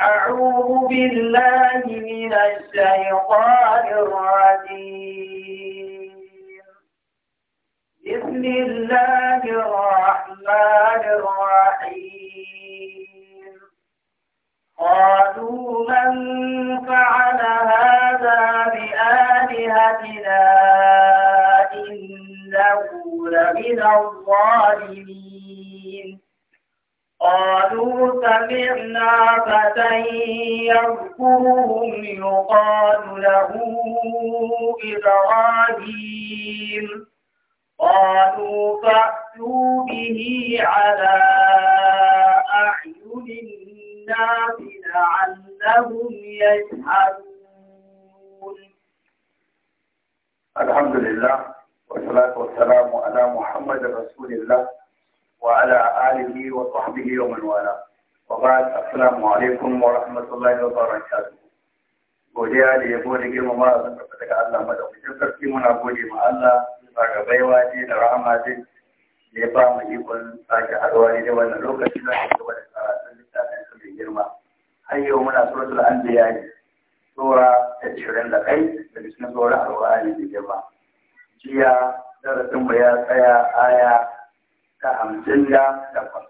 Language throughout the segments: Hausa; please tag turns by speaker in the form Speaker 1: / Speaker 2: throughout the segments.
Speaker 1: أعوذ بالله من الشيطان الرجيم بسم الله الرحمن الرحيم قالوا من فعل هذا بآلهتنا إنه لمن الظالمين قالوا سمعنا فتى يذكرهم يقال له إبراهيم قالوا فأتوا به على أعين الناس لعلهم يشهدون
Speaker 2: الحمد لله والصلاة والسلام على محمد رسول الله وعلى آله وصحبه ومن والاه وبعد السلام alaikum wa rahmatullahi wa barakatuh godiya da ya yabo da girmama da zaka daga Allah madaukakin sarki muna gode ma Allah bisa ga baiwa ce da rahama ce ya ba mu ikon sake haɗuwa ne da wannan lokaci da ke gaba da karatun littafin su mai girma har yau muna suratul anbiya ne sura ta ishirin da kai da cikin sura alwani da girma jiya darasin mu ya tsaya aya ta hamsin da takwas.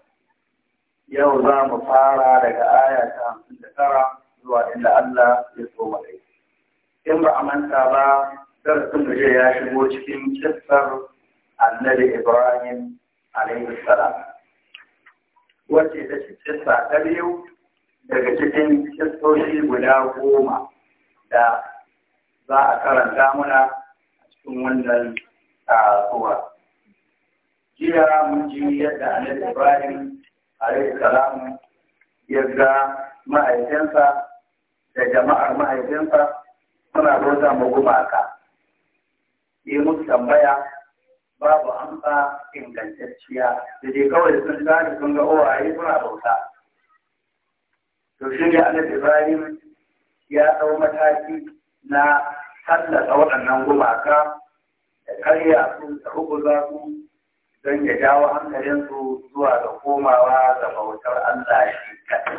Speaker 2: Yau za mu fara daga aya ta hamsin da tara zuwa inda Allah ya so mu In ba a manta ba, darasin da ya shigo cikin kisar annabi Ibrahim alaihi salam. Wace ta ce kissa ta biyu daga cikin kissoshi guda goma da za a karanta muna a cikin wannan tsohuwar. Ah, jiya mun ji yadda annabi ibrahim alaihi salam ya ga ma'aikinsa da jama'ar ma'aikansa suna bauta ma gumaka yi musu tambaya babu amsa ingantacciya da dai kawai sun gane sun ga owaye suna bauta to shi ne annabi ibrahim ya ɗau mataki na tallata waɗannan gumaka da karya su da rubuza su don ya jawo hankalinsu zuwa ga komawa da bautar Allah shi kaɗai.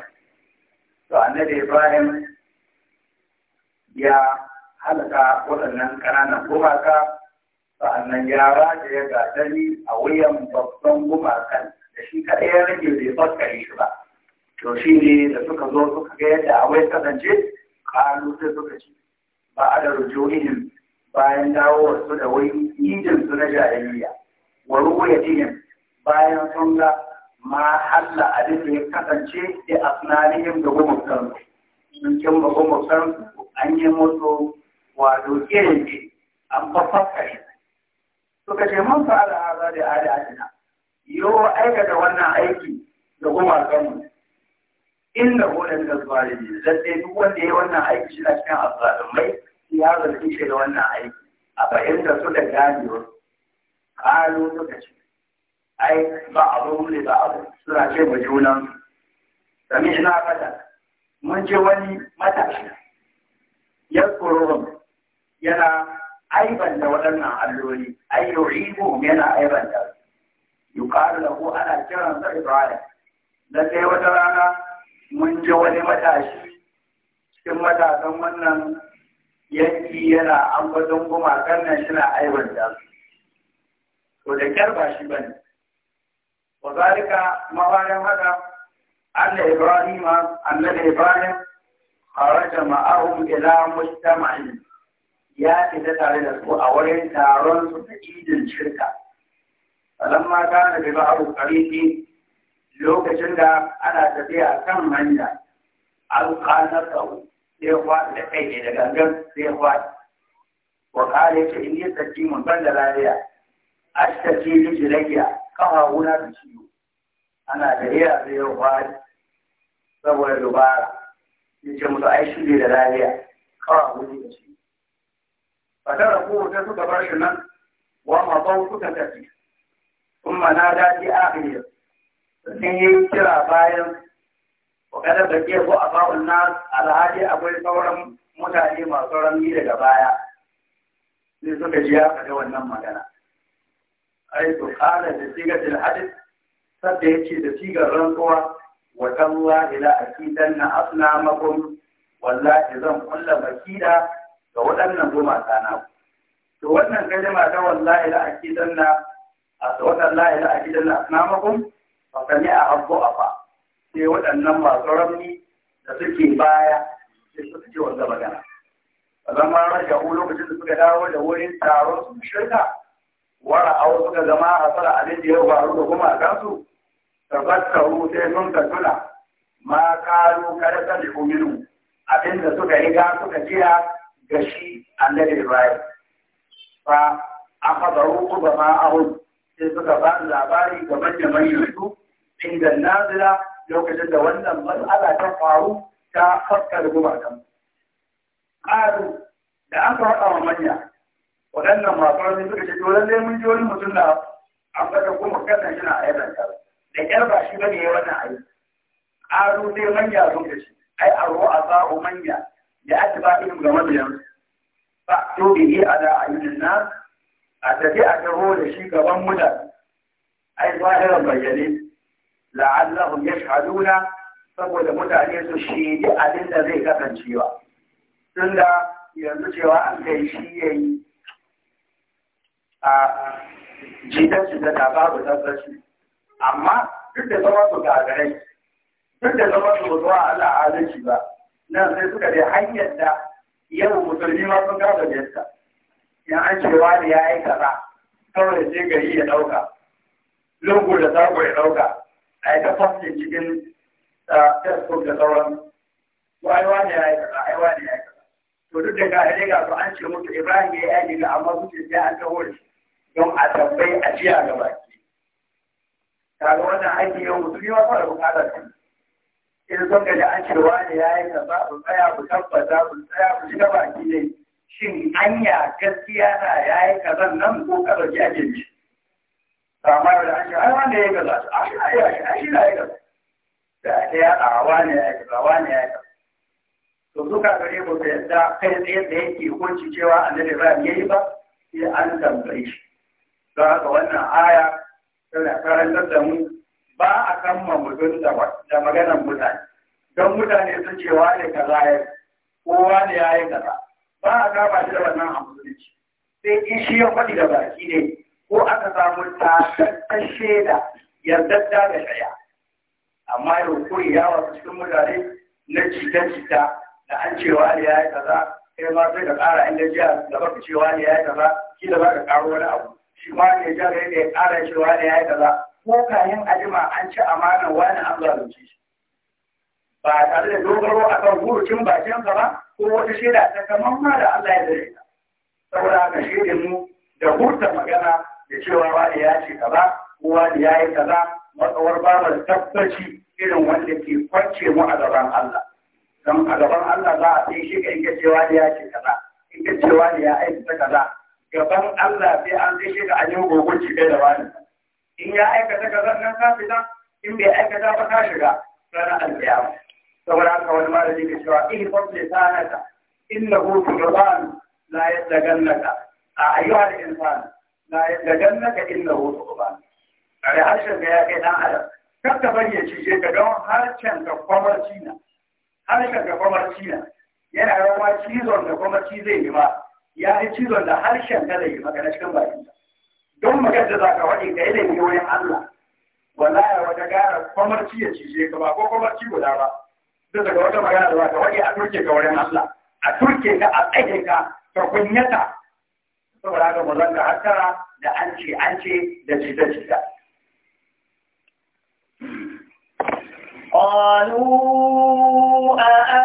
Speaker 2: To annabi Ibrahim ya halaka waɗannan ƙananan gumaka sa'annan ya raja ya gasari a wuyan babban gumakan da shi kaɗai ya rage bai faskare shi ba. To shi ne da suka zo suka ga yadda a wai kasance ƙalu sai suka ci ba a da rujohin bayan dawowar su da wai ijinsu su na jariya wa ru'yatihim bayan sun ga ma halla abin da ya kasance da asnanihim da gumukan sun kin sun an yi musu wato kirin an Su ka ce mun fara haza da a alatina yo aikata wannan aiki da gumakan sun inda hulun da zalimi zai duk wanda ya wannan aiki shi na cikin azzalimai ya zalunce da wannan aiki a fahimta su da wasu ƙalo lokaci ai ba a ba wule ba abu suna ce ba junan sami ina fata mun je wani matashi ya kurorin yana aiban da waɗannan alloli ai yau ribo yana aiban da yi ƙaru da ko ana kiran sa ibrahim da sai wata rana mun je wani matashi cikin matasan wannan yanki yana an gwazon gumakan nan shi na aiban da su to da kyar ba shi bane wa zalika bayan haka anna ibrahim annabi ibrahim kharaja ma'ahum ila mujtama'in ya fita tare da su a wurin taron su ta idin shirka falamma kana bi ba'u qariqi lokacin da ana tafiya kan hanya alqanatu sai wa da kai da gangan sai wa wa kare ce in yi tsaki mun ban da lafiya ashtace miki ragiya kafa wuna da ciwo ana da iya zai yau kwari saboda dubara ya ce musu ai shi ne da lafiya kafa wuni da ciwo fatara ko ta suka bar shi nan wa ma ba ta tafi kuma na daji a akhir
Speaker 1: sun yi
Speaker 2: kira bayan wakadar da ke ko a ba'un nas alhaji akwai sauran mutane masu rami daga baya sai suka ji ya faɗi wannan magana ai to qala da sigatil hadith sabda yace da sigar rantsuwa wa tallahi la akidanna asnamakum wallahi zan kulla makida ga waɗannan gumaka na to wannan kalma ta wallahi la na wallahi la akidanna asnamakum fa kani a habbu afa sai waɗannan masu ramni da suke baya sai suka ce wanda magana. Zama rasha lokacin da suka dawo da wurin taron sun shirka wara au suka zama a tsara abin da ya faru da kuma a su tabakkaru sai sun ka ma karu kada ta kuminu abin da suka riga suka jiya ga shi annabi Ibrahim fa a baro ku ba ma a ahun sai suka ba da labari ga manyan yanzu inda nazira lokacin da wannan mas'ala ta faru ta fuskar gumakan. Ƙaru da aka faɗa wa manya waɗannan masu suka ce to lallai mun ji wani mutum na an saka kuma kasan shi na ta da ƙyar ba shi bane wannan ayi aro dai manya sun shi. ai aro a sa'o manya da aka ba ilim ga mabiyan ba to bi yi ala ayyukan na a tafi a taho da shi gaban muda ai zahirar bayyane la'allahu yashhaduna saboda mutane su shaidi abin da zai kasancewa tunda yanzu cewa an kai shi yayi a jidan shi da babu tabbaci amma duk da zama su gagarai duk da zama su zuwa Allah adalci ba nan sai suka da hanyar da yau musulmi ma sun gaba da yasta in an cewa da ya yi kaza kawai je gari ya ɗauka lungu da sako ya ɗauka a yi ta fasin cikin facebook da sauran waiwa ne ya yi kaza aiwa ne ya yi kaza to duk da ga hade ga su an ce mutu, ibrahim ya yi aiki amma su ce sai an taho shi don a tambayi a jiya ga baki kaga wannan aiki yau mutum ya fara bukatar su. Ina son gaji an ce ne ya yi kaza ku tsaya ku tabbata ku tsaya ku shiga baki ne shin anya gaskiya na ya yi kazan nan ko kaza ki ake ji amma da an ce ai wanda ya yi kaza a ah, shi na yi a shi na yi kaza da ake yaɗa a wani ya yi kaza wani ya yi kaza to suka gare ku da yadda kai tsaye da yake hukunci cewa annabi ba ya yi ba sai an tambaye shi don haka wannan aya tana karantar da mu ba a kan mamudun da maganar mutane don mutane sun ce ne kaza ya kowa ne ya yi kaza ba a kama shi da wannan amsulunci sai in shi ya faɗi da baki ne ko aka samu takakkar shaida yardadda da shaya amma yau kuri ya wasu cikin mutane na cita-cita da an cewa ne ya yi kaza kai ma sai ka ƙara inda jiya da baka cewa ne ya yi kaza kila ba ka ƙaro wani abu shi ma ne jan rai ya ƙara cewa ne ya yi kaza ko kayan ajima an ci amana wani an zalunci shi ba tare da dogaro a kan hurucin bakin ka ba ko wata shaida ta kaman ma da Allah ya zare ta saboda haka shaidin mu da hurta magana da cewa wani ya ce kaza ko wani ya yi kaza matsawar babar tabbaci irin wanda ke kwance mu a gaban Allah don a gaban Allah za a sai shi ka in ya ce kaza in cewa ya aikata kaza gaban Allah sai an gaishe ka a yau gogon ci da wani in ya aikata ka zan nan ka fita in bai aikata ba ka shiga ranar alƙiyama saboda haka wani malami ke cewa in fasle sanata innahu na yadda gannaka" a ayyuha al-insan la yadagannaka innahu tughban kare harshen ka ya kai dan adam kar ka bari ya cije ka don harshen ka kwamar cina harshen ka kwamar cina yana rawa cizon da kwamar ci zai yi ma ya yi cizon da harshen kada yi magana cikin bakin don magana da za ka waɗi ka yi da wani Allah ya wata gara kwamarci ya cije ka ba ko kwamarci guda ba da daga wata magana da za ka waɗi a turke ka wurin Allah a turke ka a tsaye ka ka kunyata saboda ga mazan zanka hattara da an
Speaker 1: ce an ce da cita cita قالوا أأ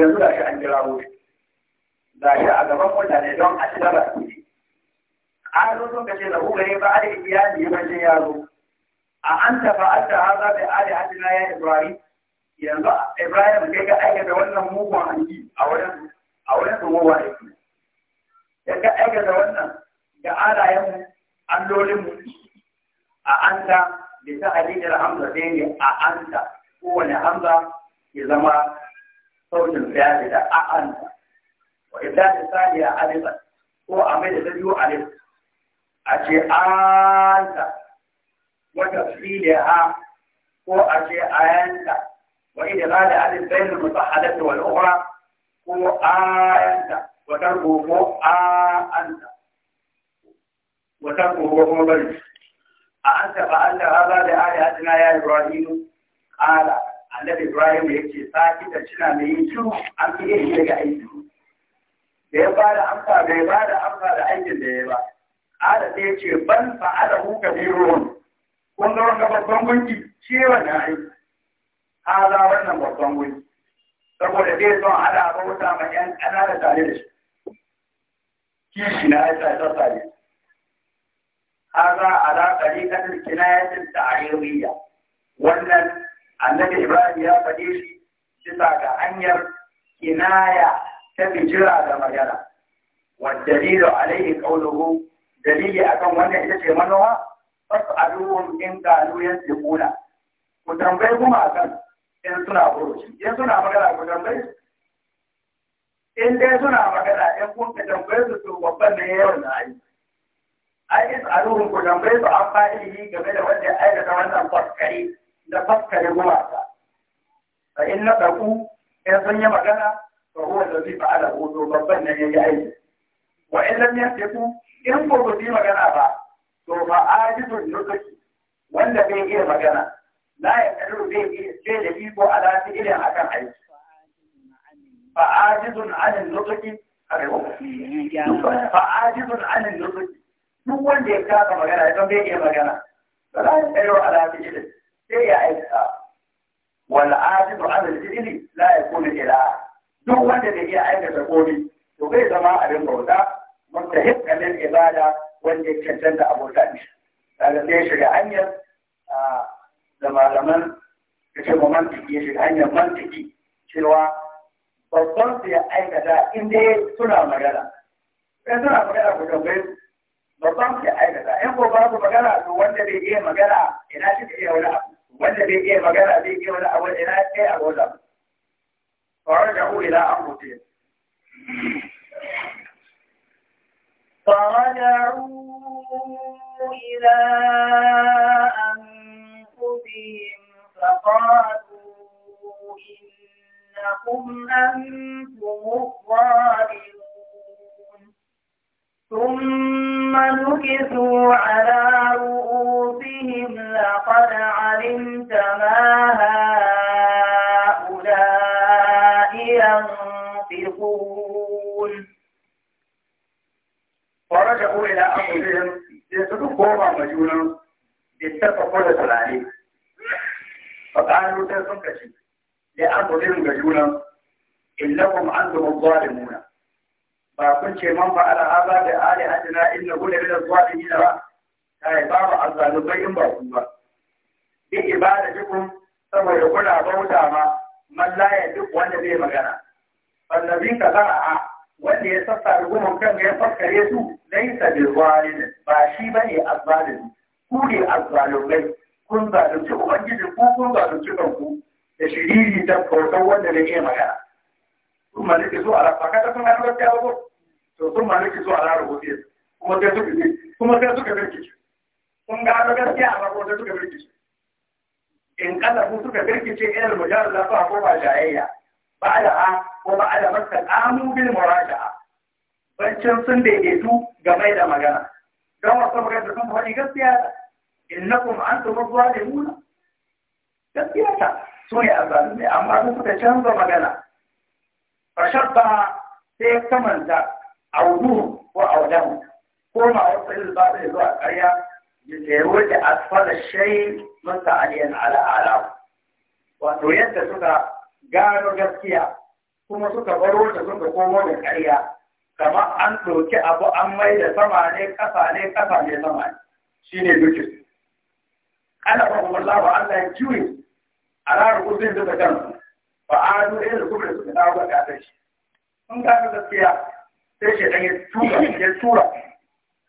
Speaker 2: yanzu da shi an jira wuri da shi a gaban wanda ne don a ci da shi ƙalu sun kace da hulaye ba a da ne ya bace yaro a an tafa an da haza da ali hadina ya ibrahim yanzu ibrahim kai ga aikata wannan mugun hanji a wurin a wajen su mugun hanji ya ga aikata wannan ga alayen allolinmu a an anta bisa hadidar hamza sai ne a an anta kowane hamza ya zama صوت الفعل ده أعلى وإبدال الثانية ألفا هو أمير الذي ألف أجي أنت وتفصيلها هو أجي أنت وإدغال ألف بين المتحدة والأخرى هو أنت وتركه هو أنت وتركه هو بريد أأنت فأنت هذا لآلهتنا يا إبراهيم قال annabi Ibrahim ya ce saki da cina mai yin shiru an fi yin daga aiki da ya bada amsa da ya bada amsa da aikin da ya ba ala da ya ce ban fa'ala hu kabirun kun ga wannan babban gunki cewa na aiki haza wannan babban gunki saboda zai son hada ba wuta ma yan ƙanana tare da shi kishi na ya sa tare haza ala ɗariƙar kinayatin ta'ariyya wannan annabi Ibrahim ya faɗi shi bisa ga hanyar kinaya ta bijira da magana. Wadda alaihi ƙaunuhu dalili akan wannan ita ce manowa, wasu abubuwan in galu ya ce kuna. Ku tambayi kuma a kan in suna buruci, in suna magana ku tambayi In dai suna magana in kun ka tambayi su su babban na yawon na ayi. Ai, in aluhun ku tambayi su an fa'ili game da wanda ya aikata wannan kwaskari. na fakkare gumaka fa in na ɗaku in sun yi magana fa huwa da zai fa'ala hoto babban nan ya yi aiki wa in lam ku in ko ba su magana ba to fa ajizun nusuki wanda bai iya magana la ya kadu bai iya ce da iko ala fi'ilin akan aiki fa ajizun anin nusuki fa ajizun anin nusuki duk wanda ya kasa magana ya san bai iya magana ba za ya tsayo ala fi'ilin sai ya aika wal ajizu an al-fi'li la yakunu ila duk wanda da iya aikata komai to bai zama a abin bauta mustahiq lil ibada wanda ya cancanta abota ne daga sai shiga hanyar da malaman da ce mantiki ya shiga hanyar mantiki cewa babban su ya aikata in dai suna magana in suna magana ku tambaye babban su ya aikata in ko babu magana to wanda bai iya magana ina shi ka iya wani abu wanda bai magana bai iya wani abu ina kai a gona fara da hu ila akuti
Speaker 1: fara da hu ila an kubi faqatu innakum antum muqadirun ثم نكثوا على رؤوسهم لقد علمت ما هؤلاء ينطقون
Speaker 2: فرجعوا إلى أنفسهم يتدخوا مجونا اتفقوا لسلالي فقالوا تسنكشي لأنفسهم مجونا إنكم عندهم ظالمون ba kun ce man ba ala haza da ali hadina inna gode da zuwa da gida ba kai babu azzalubai in ba ku ba bi ibadatikum saboda kula bauta ma man la ya duk wanda bai magana annabi ka a, wanda ya sassa rugumin kan ya fakkare su laisa bil walid ba shi bane azzalimi ku ne azzalumai kun zalunci ubangiji ku kun zalunci kanku da shiriri ta kautar wanda bai iya magana sun ma nake so a rafa ka san an rafa ba ko to sun ma nake so a rafa kuma sai suka ce kuma sai suka birkice sun ga ga gaskiya a rafa sai suka birkice in kada su suka birkice ilal da fa ko ba jayayya ba'da ko ba'da masal amu bil muraja'a bancin sun daidaitu game da magana don wasu magana da sun faɗi gaskiya innakum antum zalimuna gaskiya ta so ne a zalimi amma sun suka canza magana fashabba sai kamanta audu ko audamu ko ma wasu ilba zai zuwa ƙarya ya tsaye da asfala shai masa aliyan ala'ala wato yadda suka gano gaskiya kuma suka baro da suka komo da karya, kamar an ɗauki abu an mai da sama ne ƙasa ne ƙasa sama ne shi ne dukin ana Allah ya juye a ranar kudin da kansu ba a duk da kuma da suka dawo ga kasar shi sun gano gaskiya sai shi dan ya tura ya tura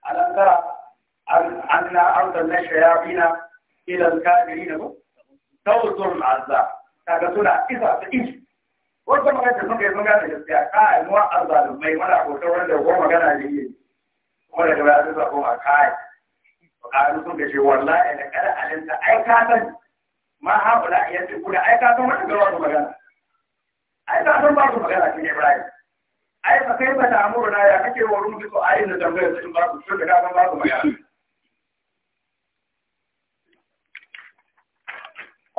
Speaker 2: alam tara an na na, arsalna shayatina ila al-kafirin ko tawzur azza kaga suna isa ta ishi wata magana sun kai sun gane gaskiya ka ai mu mai mana hoton wanda ya ko magana ne yi kuma daga baya sun sako ma kai karu sun gaje wallahi da kada alinta ai ka san ma haula yadda kuna ai ka san wannan garwa magana ai ba san babu magana cikin Ibrahim ai ba kai ba da amuru na ya kake wa rubi ko ai da tambayar cikin babu to da kan babu magana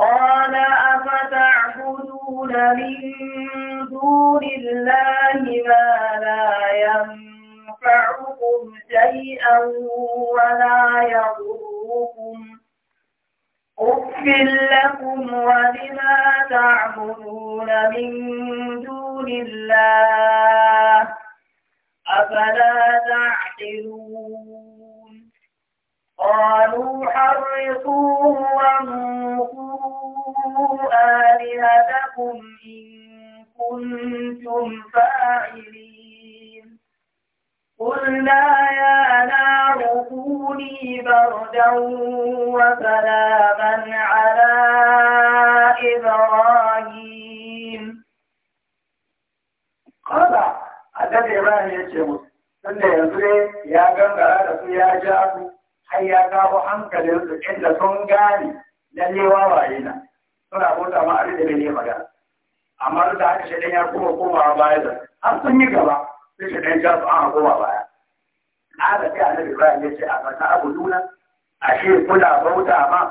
Speaker 1: قال أفتعبدون من دون الله ما لا ينفعكم شيئا ولا يضركم أفل لكم ولما تعبدون من دون الله أفلا تعقلون قالوا حرقوه وانقروا آلهتكم إن كنتم فاعلين قلنا يا نار كوني بردا وسلاما على إبراهيم قال
Speaker 2: أدب إبراهيم يتشمس tunda yanzu ne ya gangara da su ya ja su har ya kawo hankalinsu inda sun gane lalle wawaye na suna bauta ma a da bai ne magana amma da ya koma koma baya da gaba sai shi ɗan ba su an goma baya ƙara sai annabi ibrahim ya ce a fata abu nuna ashe kuna bauta ma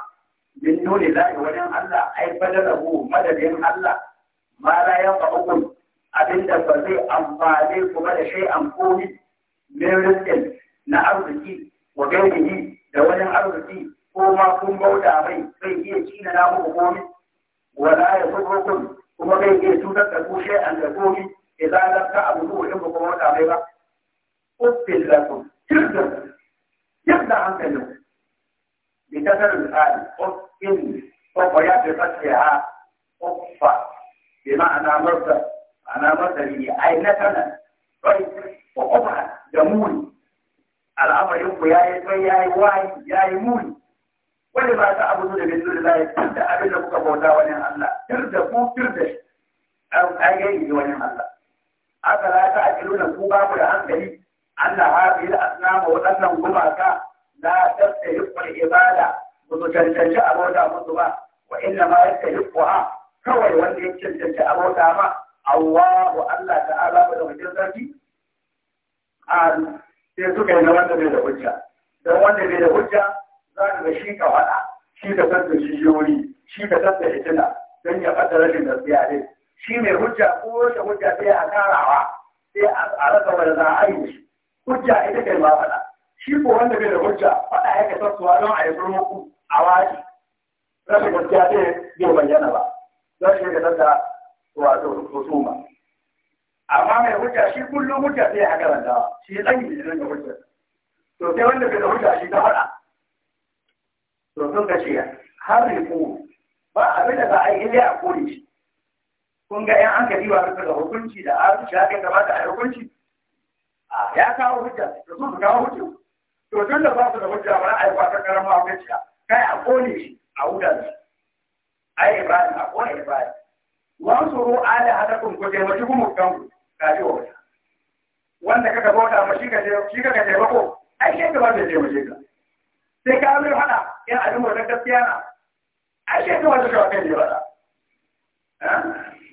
Speaker 2: min nuni lahi wajen Allah ai badalahu madadin Allah ma la abin da ba zai amfane ku da shay'an komi min rizqin na arziki wa gairihi da wajen arziki ko ma kun bauta mai zai iya cina na muku komi wala ya kuma bai iya cutar da ku shay'an da komi idan lam ta'budu wa ko kuma wata bai ba uffil lakum tirda yadda hankalin bi kasar al uffil ko ce ha fatiha uffa bi ma'ana marda ana marda ni ai na kana rai ko ufa da muni al'amarin ku yayi sai yayi wai yayi muni wani ba ta abu da bin da lai da abin da kuka bauta wani Allah tirda ku tirda an ayi wani Allah aka za ta ajiru da ku babu da hankali Allah haɗe da asnama waɗannan gumaka na tattalikul ibada ba su cancanci abota musu ba wa inna ma yattalikwa kawai wanda ya cancanci abota ma Allah wa Allah ta'ala ba da mutum sarki an sai suka yi na wanda bai da hujja don wanda bai da hujja za ka ga shi ka faɗa shi ka san da shi shi ka san da hitina don ya faɗa rashin gaskiya dai shi mai hujja ko wata hujja sai a karawa sai a rasa wanda za a yi hujja ita kai ma faɗa shi ko wanda bai da hujja faɗa ya kasar suwa don a yi turmuku a waje rashin gaskiya sai bai bayyana ba shi da da wato husuma amma mai hujja shi kullum hujja sai a karanta shi ya yi da hujja to sai wanda bai da hujja shi ta faɗa to sun ka ce har riku ba abin da za a yi ne a kore shi kun ga yan aka diwa bisa ga hukunci da shi aka gaba da hukunci ya kawo hujja da sun kawo hujja to tun da ba su da hujja ba a yi wata karama hujja kai a kone shi a wuda shi ai ibrahim a kone ibrahim wan suru ala hadakum ko je wata kuma kan ka ji wata wanda kaka bauta ma shi ka je shi kaka ba ko ai shi ka ba da je mu ka sai ka mai hada yan abin wannan gaskiya na ai shi ka wata ka kai ne ba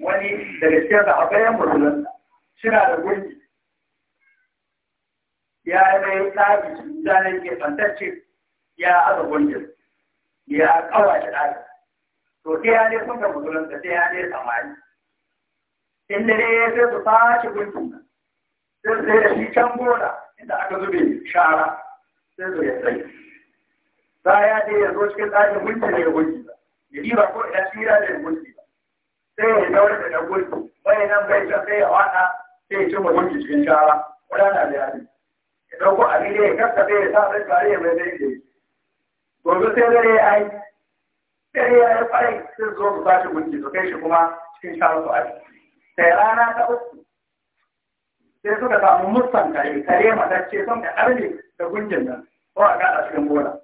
Speaker 2: wani daga cikin da abayan shi suna da gurbi ya mai tsari zanen ke fantacce ya aza gurbi ya kawa shi ɗari to sai ya ne sun da musulun da sai ya ne samari in da ya sai su sace gurbi sai su da shi can gona inda aka zube shara sai su ya tsaye za ya ce ya zo cikin tsarin gurbi ne ya gurbi ba ya ba ko ya tsira da ya gurbi sai ya zaune da dagwai bai nan bai can sai ya wada sai ya ci mutum cikin shara wadana da yari ya dauko a gida ya kakka sai ya sa sai tare ya mai zai da gobe sai dare ya yi dare ya yi kwarai sai zo su sashi gunki su kai shi kuma cikin shara su aji sai rana ta uku sai suka samu musan kare kare matacce son da arne da gunkin nan ko a gada cikin bola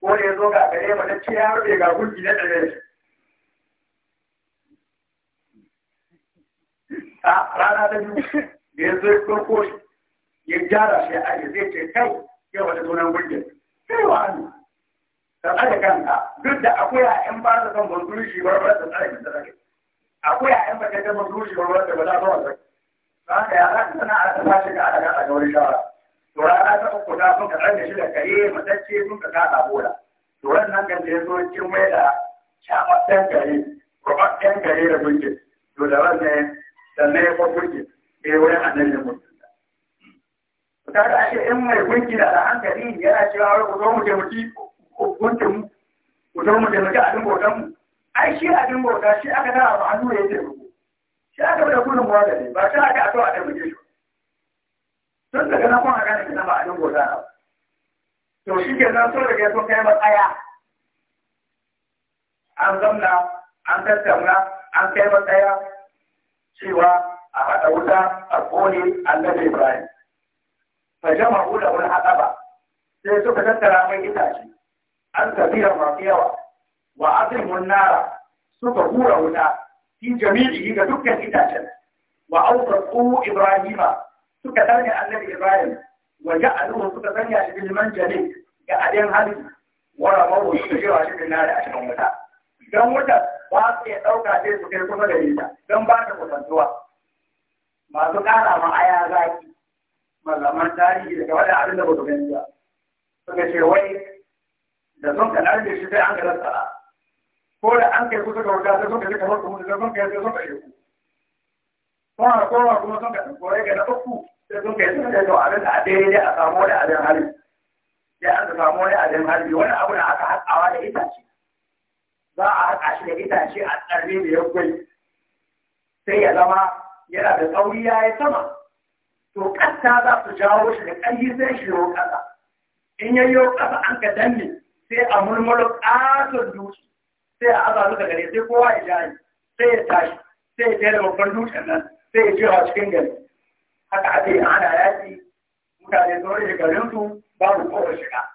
Speaker 2: ko da ya zo ga kare matacce ya rufe ga gunki na ɗare shi a rana da biyu da ya zai farko ya gyara shi a ya zai ce kai ya wata sunan gurgin sai wa hannu tsarka da kanka duk da akwai a yan ba da kan banzuri shi barbar da tsarki da tsarki akwai a yan bakin da banzuri shi barbar da ba za ta wasa ba ka yara ta sana a ta shi ga ala gata ga wani shawara to rana ta uku ta sun ka tsarki shi da kare matacce sun ka kasa bola to wannan kan da ya zo cikin mai da shafaffen kare rubaffen kare da gurgin to da wannan sannan ya farko ke sai wurin annabi musulunta. Ta da ake in mai gunki da hankali yana cewa wai ku zo mu taimaki mu, ku zo mu taimaki abin bautan mu. Ai shi abin bauta shi aka da ba hannu ya taimako. Shi aka bada gudun da ne ba shi aka a a taimake shi. Tun daga nan kuma na ba. To shi ke nan so so kai matsaya. cewa a haɗa wuta a ƙone annabi Ibrahim. Fa jama'u da wani ba. sai suka tattara mai itace an tafiya masu yawa wa azimun nara suka hura wuta fi jami'i ga dukkan itacen wa awsaqu ibrahima suka sanya annabi Ibrahim wa ja'aluhu suka sanya shi bil manjali ga adin hali wa ramahu suka jewa shi bin a cikin wuta. don wutar ba su iya ɗauka sai su kai kusa da ita don ba ta kusantuwa masu ƙara ma aya zaki malaman tarihi daga wani abin da ba su gani ba suka ce wai da sun ka da shi sai an ga rassara ko da an kai kusa da wuta sai sun kaji kamar kuma da sun kai sai sun kai ku kuma kowa kuma sun kai kore ga na uku sai sun yi sun kai to abin da a daidai a samu wani abin hali sai an samu wani abin hali wani abu da aka haɗawa da itace za a haɗa shi da itace a tsarni da yaggwai sai ya zama yana da tsauri ya yi sama to ƙasa za su jawo shi da ƙarfi zai shi yau ƙasa in ya yi ƙasa an ka danne sai a murmuro ƙaton dutse sai a aza su gare sai kowa ya jaye sai ya tashi sai ya tare babban dutsen nan sai ya jira cikin gari haka ake yi ana yaƙi mutane sun rage garinsu babu kowa shiga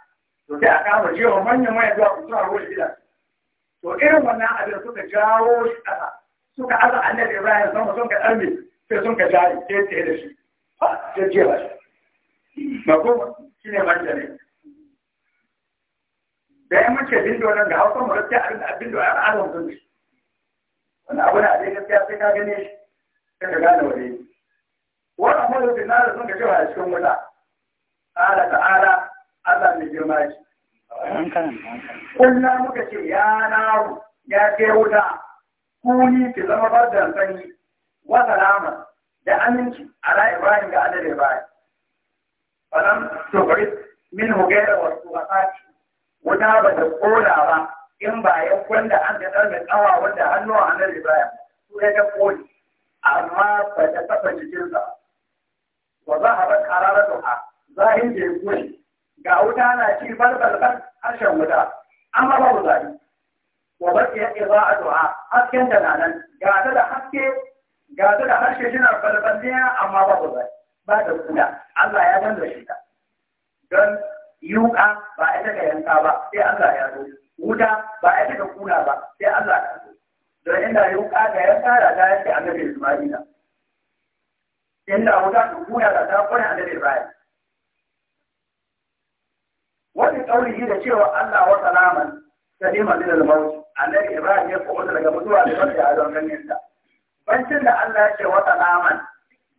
Speaker 2: to sai a kama jewa manyan manyan zuwa kusurwa ruwa gida to irin wannan abin suka jawo shi ƙasa suka aza annabi Ibrahim zama sun ka ɗarme sai sun ka jari sai tsaye da shi jajjera shi mako shi ne ne da ya mace bindo nan ga hausa mu gaskiya abin da bindo ya al'adar sun shi wani abu na abin gaskiya sai ka gane shi sai ka gane wani wannan na da Kunna muka ce ya naru ya ke wuta, kuni ki zama da sanyi, wata salama da aminci ala bayan ga adal bayan. Falam tubri min hugaira wa sati, wuta ba ta kola ba in ba ya wanda an ka tsar mai tsawa wanda hannuwa adal Ibrahim, su ya ta koli, amma ba ta jikinsa. Wa za a bar ƙararra a yi da ya koli, ga wuta na ci balbalbal harshen wuta amma babu zai wa baki ya iza'atuha hasken da na nan ga ta da haske ga ta da harshe shina balbalniya amma babu zafi ba da wuta Allah ya banda shi ta don yuka ba ita ka yanka ba sai Allah ya zo wuta ba ita ka kuna ba sai Allah ya zo don inda yuka ga yanka da ta yanke annabi Isma'ila inda wuta ka kuna da ta kuna annabi Ibrahim wani kauli da cewa Allah wa salaman salima min al-maut annabi Ibrahim ya wata daga mutuwa da wanda ya zama ta bancin da Allah ya ce wa salaman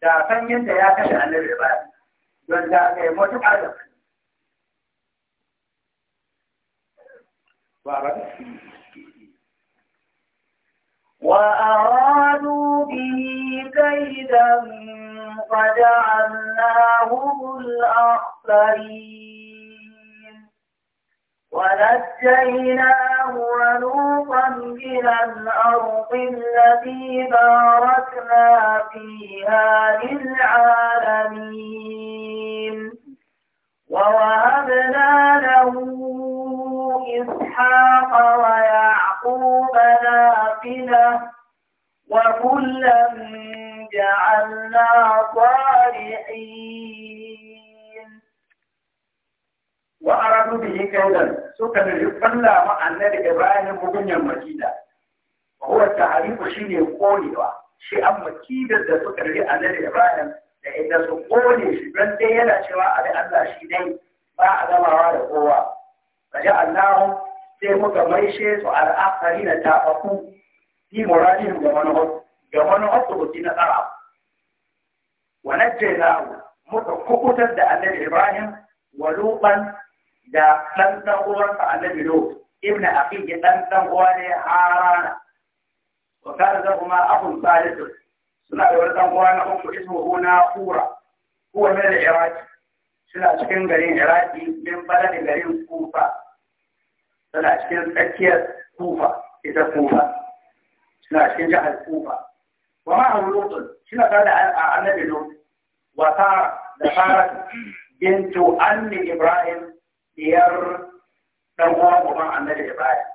Speaker 2: da kan da ya kashe annabi Ibrahim don da kai mutu adam
Speaker 1: وأرادوا به كيدا فجعلناهم الأخسرين ونجيناه ولوطا إلى الأرض التي باركنا فيها للعالمين ووهبنا له إسحاق ويعقوب نافلة وكلا جعلنا صالحين
Speaker 2: wa aradu bihi kaudan suka da falla ma annabi Ibrahim mugunyan makida huwa ta'rifu shine kolewa shi an makidar da suka da annabi Ibrahim da idan su kone shi don dai yana cewa a Allah shi dai ba a gamawa da kowa Kaje Allah sai muka maishe su al'akari na tafafu fi muradin ga da wani manhaj ko ci nasara wa najjaynahu muka kukutar da annabi Ibrahim wa da ɗan ɗan uwansa annabi Nuh ibn Aqil ya ɗan ɗan uwa ne Harana wa kana da kuma akun salisu suna da wani ɗan uwa na uku ismu na kura. huwa ne da iraki suna cikin garin Iraki min da garin Kufa suna cikin tsakiyar Kufa ita Kufa suna cikin jihar Kufa wa ma'ahu Lutun suna tare da annabi Nuh wa ta da fara bintu Anni Ibrahim diyar dan uwan uban annabi Ibrahim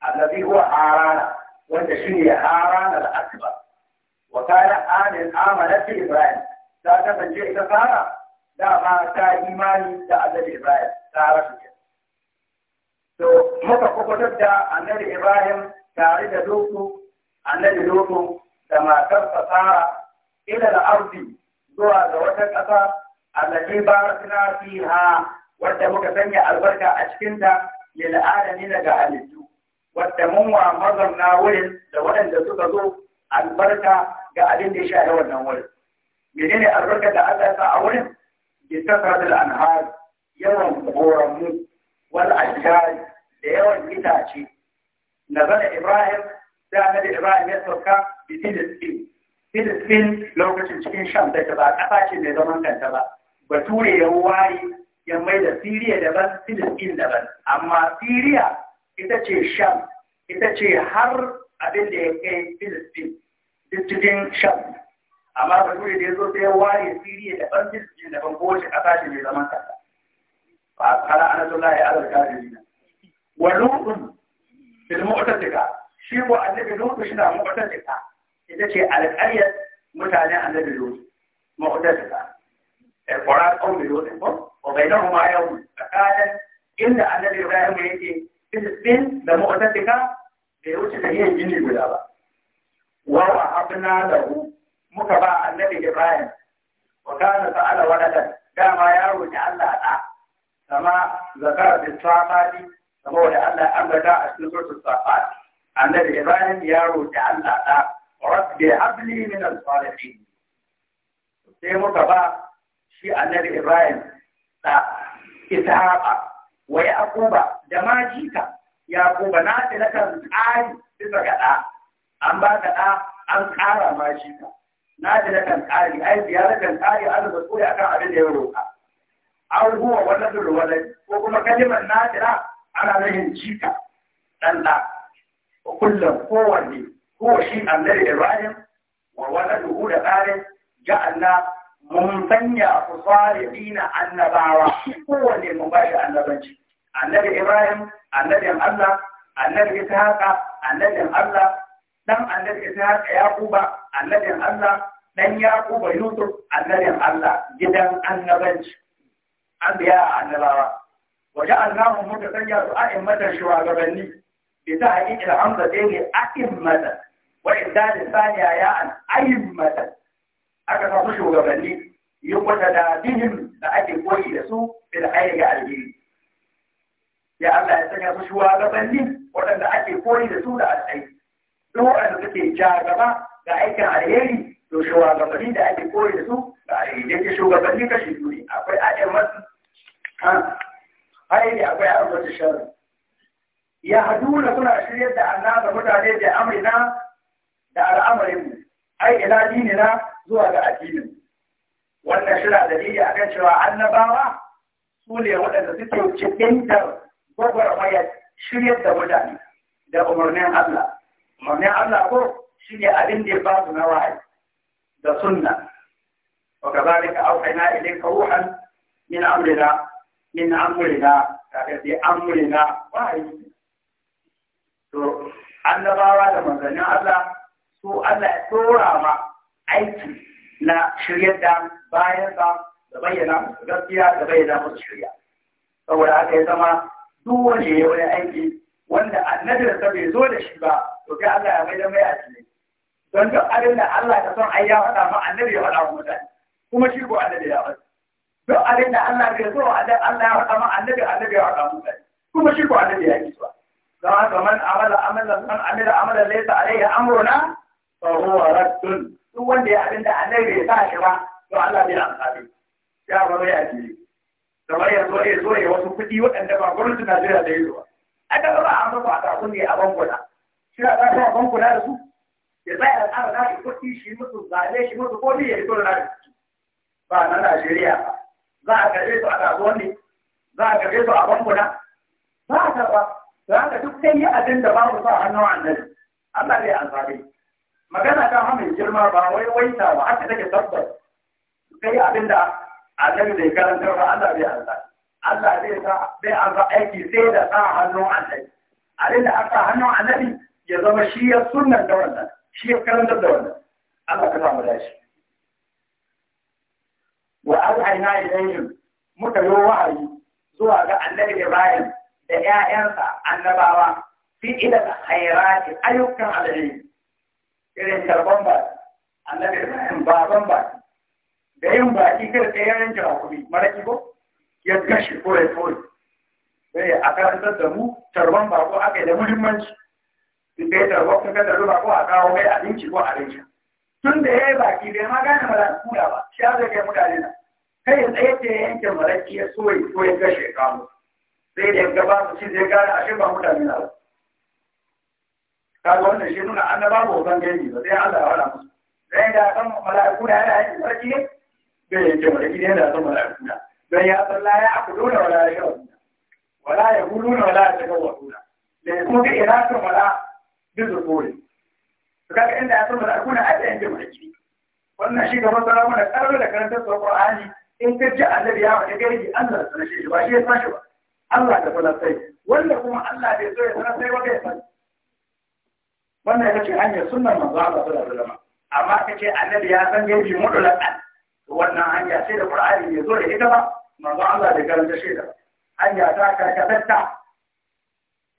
Speaker 2: annabi huwa harana wanda shi ne harana da akbar wa kana amin fi Ibrahim ta kasance ita fara da ba ta imani da annabi Ibrahim ta rasu to muka kubutar da annabi Ibrahim tare da Lutu annabi Lutu da matar fasara ila al-ardi zuwa ga wata ƙasa allati barakna fiha wadda muka sanya albarka a cikinta lil alamin ga halittu wadda mun wa mazanna wurin da waɗanda suka zo albarka ga abin da ya shafi wannan wurin menene albarka da Allah ya sa a wurin bi kasratil anhar yawan mu, wal ashjar da yawan itace nazar Ibrahim da Annabi Ibrahim ya sauka bi Filistin
Speaker 1: Filistin
Speaker 2: lokacin cikin Sham da ta ba kasa ce mai zaman kanta ba bature ya wari ya mai da Siriya daban, Filistin daban. Amma Siriya ita ce Sham, ita ce har abin da ya kai Filistin, duk cikin Sham. Amma ba da ya zo sai ya ware Siriya daban, Filistin daban, ko wace ƙasa ce mai zaman kasa. Ba a kala ana zuwa ya azarta da Walu Wa lutsun fil mu'tasika, shi ko annabi lutsu shi na mu'tasika, ita ce alƙaryar mutanen annabi lutsu, mu'tasika. ƙwarar ƙaunin yau ɗin ko O, bai na kuma yau tsakanin inda annabi ibrahim yake filistin da mu'tafika da ya wuce da yin jini guda ba wa wa habna lahu muka ba annabi ibrahim wa kana sa'ala waladan dama yaro ne Allah da kama zakara bin safati saboda Allah an ga a cikin suratul safat annabi ibrahim yaro ne Allah da rabbi habli min al-salihin sai muka ba shi annabi Ibrahim da Ishaqa wa Yaquba da ma jika Yaquba na ta kan tsari bisa ga da an ba ka da an kara ma jika na ta kan tsari ai biyar kan tsari an da tsori akan abin da ya roka an huwa wannan ruwalan ko kuma kalimar natira ana yin jika dan da kullum kowanne ko shi annabi Ibrahim wa waladuhu da tsarin ja'alna mun sanya ku dina annabawa kowanne mun ba shi annabanci annabi Ibrahim annabin Allah annabi Ishaqa annabin Allah dan annabi Ishaqa Yaquba annabin Allah dan Yaquba Yusuf annabin Allah gidan annabanci anbiya annabawa وجعلناهم متسير أئمة شواغبني بتحقيق الحمزة دي أئمة وإمداد ya an a'immatan. aka samu shugabanni yi wata da da ake koyi da su fil hayri ga alheri ya Allah ya sanya su shugabanni waɗanda ake koyi da su da alheri duk waɗanda suke ja gaba ga aikin alheri to shugabanni da ake koyi da su ga alheri yake shugabanni kashi biyu ne akwai a'immat alheri akwai a'immat sharri ya haduna suna shirya da annaba mutane da Amina da al'amarin ai ila na zuwa ga addinin wannan shira a akan cewa annabawa su ne waɗanda suke cikin da waya shiryar da mutane da umarnin Allah umarnin Allah ko shi ne abin da ya ba su na wahayi da sunna wa kazalika auhayna ilayka ruhan min amrina min amrina ga dai amrina wahayi to annabawa da manzannin Allah to Allah ya tora ma aiki na shirya da bayan da da bayyana musu gaskiya da bayyana musu shirya saboda haka ya zama duk wanda ya wani aiki wanda annabin da bai zo da shi ba to ga Allah ya mai da mai a cikin don duk abin da Allah ka son ayya ya faɗa ma annabi ya faɗa mutane kuma shi ko annabi ya faɗa duk abin da Allah bai so Allah ya faɗa ma annabi annabi ya faɗa mutane kuma shi ko annabi ya yi ba don haka amala amala amalan man amila amalan laysa alayhi amruna فهو رد duk wanda ya abinda annabi bai sa shi ba to Allah bai amfani ya ba bai ajiye kamar ya zo ya zo wasu kuɗi waɗanda ba gwamnati Najeriya da yi ba aka ba a masa a kafin ne a bankuna shi a kafin a bankuna da su ya tsaya da tsara nashi kuɗi shi musu zane shi musu ko ya yi tona ba na Najeriya ba za a karɓe su a kasuwan za a karɓe su a bankuna ba a karɓa ka duk sai yi abin da ba sa hannun Allah bai amfani magana ta hamin girma ba wai waita ba haka take tabbas sai abinda annabi bai karanta ba Allah bai Allah Allah zai sa bai an aiki sai da sa hannu annabi abinda aka hannu annabi ya zama shi ya sunnan da wannan shi ya karanta da wannan Allah ka samu dashi wa al'aina ilayhim muka yi wa'ayi zuwa ga annabi Ibrahim da ƴaƴansa annabawa fi ila khairati ayyukan alheri irin karban ba annabi ibrahim baban ba da yin baki kada ta yayin jira kuɗi maraki ko ya gashi ko ya tori sai a karantar da mu tarban ba ko aka yi da muhimmanci in da ya tarba ka kada ruba ko a kawo mai abinci ko abinci tun da ya yi baki bai ma gane mala'iku da ba shi ya zai kai mutane na kai ya tsaye ta yanke malaki ya ko ya gashi ya kamo? sai da ya gaba su ci zai gane ashe ba mutane na ba kaga wannan shi nuna annaba ba ban gani ba sai Allah ya wala musu dan da kan mala'iku da yana yin sarki ne da yake mala'iku ne da san mala'iku da dan ya san la ya akudu da wala ya wala ya hulu da wala ya tagawwa da kuma ga ina san wala bizu kore kaga inda ya san mala'iku na Allah yake mala'iku wannan shi gaba sana mana karbar da karantar sa Qur'ani in ka ji annabi ya faɗi gari Allah sanar shi ba shi ya sanar ba Allah da falasai wanda kuma Allah bai so ya sanar sai ba kai sanar wannan ita ce hanyar sunnar manzo Allah sallallahu alaihi wasallam amma ce annabi ya san gaibi an. wannan hanya sai da Qur'ani ya zo da ita ba manzo Allah da garanta shaida. hanya ta karkatatta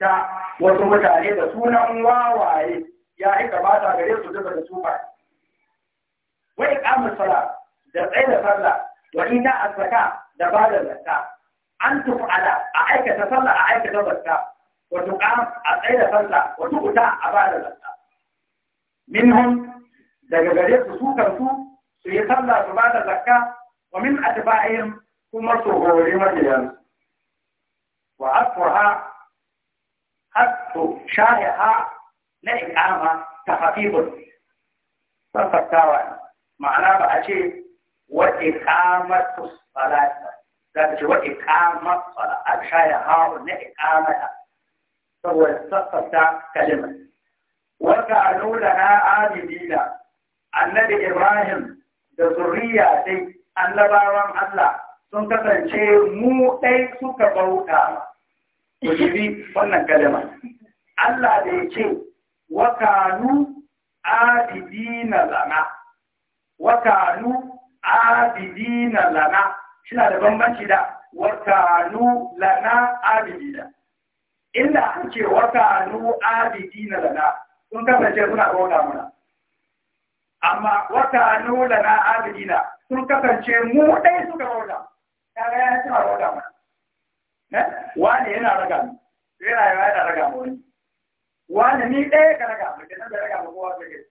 Speaker 2: ta wasu mutane da sunan wawaye ya yi gabata gare su duka da tufa wai kamun sala da tsaye da sallah wa ina asaka da ba da zakka an tufala a aikata sallah a aikata zakka وتقام أقيل صلى وتقطع أبعد صلى منهم دجاجات سوكا سو سيصلى صلاة الزكاة ومن أتباعهم هم صغور مجلس وعطفها حتى شائعها لإقامة تخفيف فالفتاوى معناه بقى وإقامة الصلاة ذلك وإقامة الصلاة شائعها لإقامتها saboda sassafta kalima. Wata a nuna na amilina, annabi Ibrahim da zuriya dai annabawan Allah sun kasance mu ɗai suka bauta ku shiri wannan kalima. Allah da ya ce, wakanu abidina lana, wakanu abidina lana, shi na da bambanci da wakanu lana abidina. inda an ce wata nu abidi na lana sun kasance suna bauta muna amma wata nu lana abidi na sun kasance mu dai suka bauta ga ya suna bauta muna ne eh? wani yana raga mu yana yana raga mu wani ni ɗaya ka raga mu kenan da raga mu kowa ke.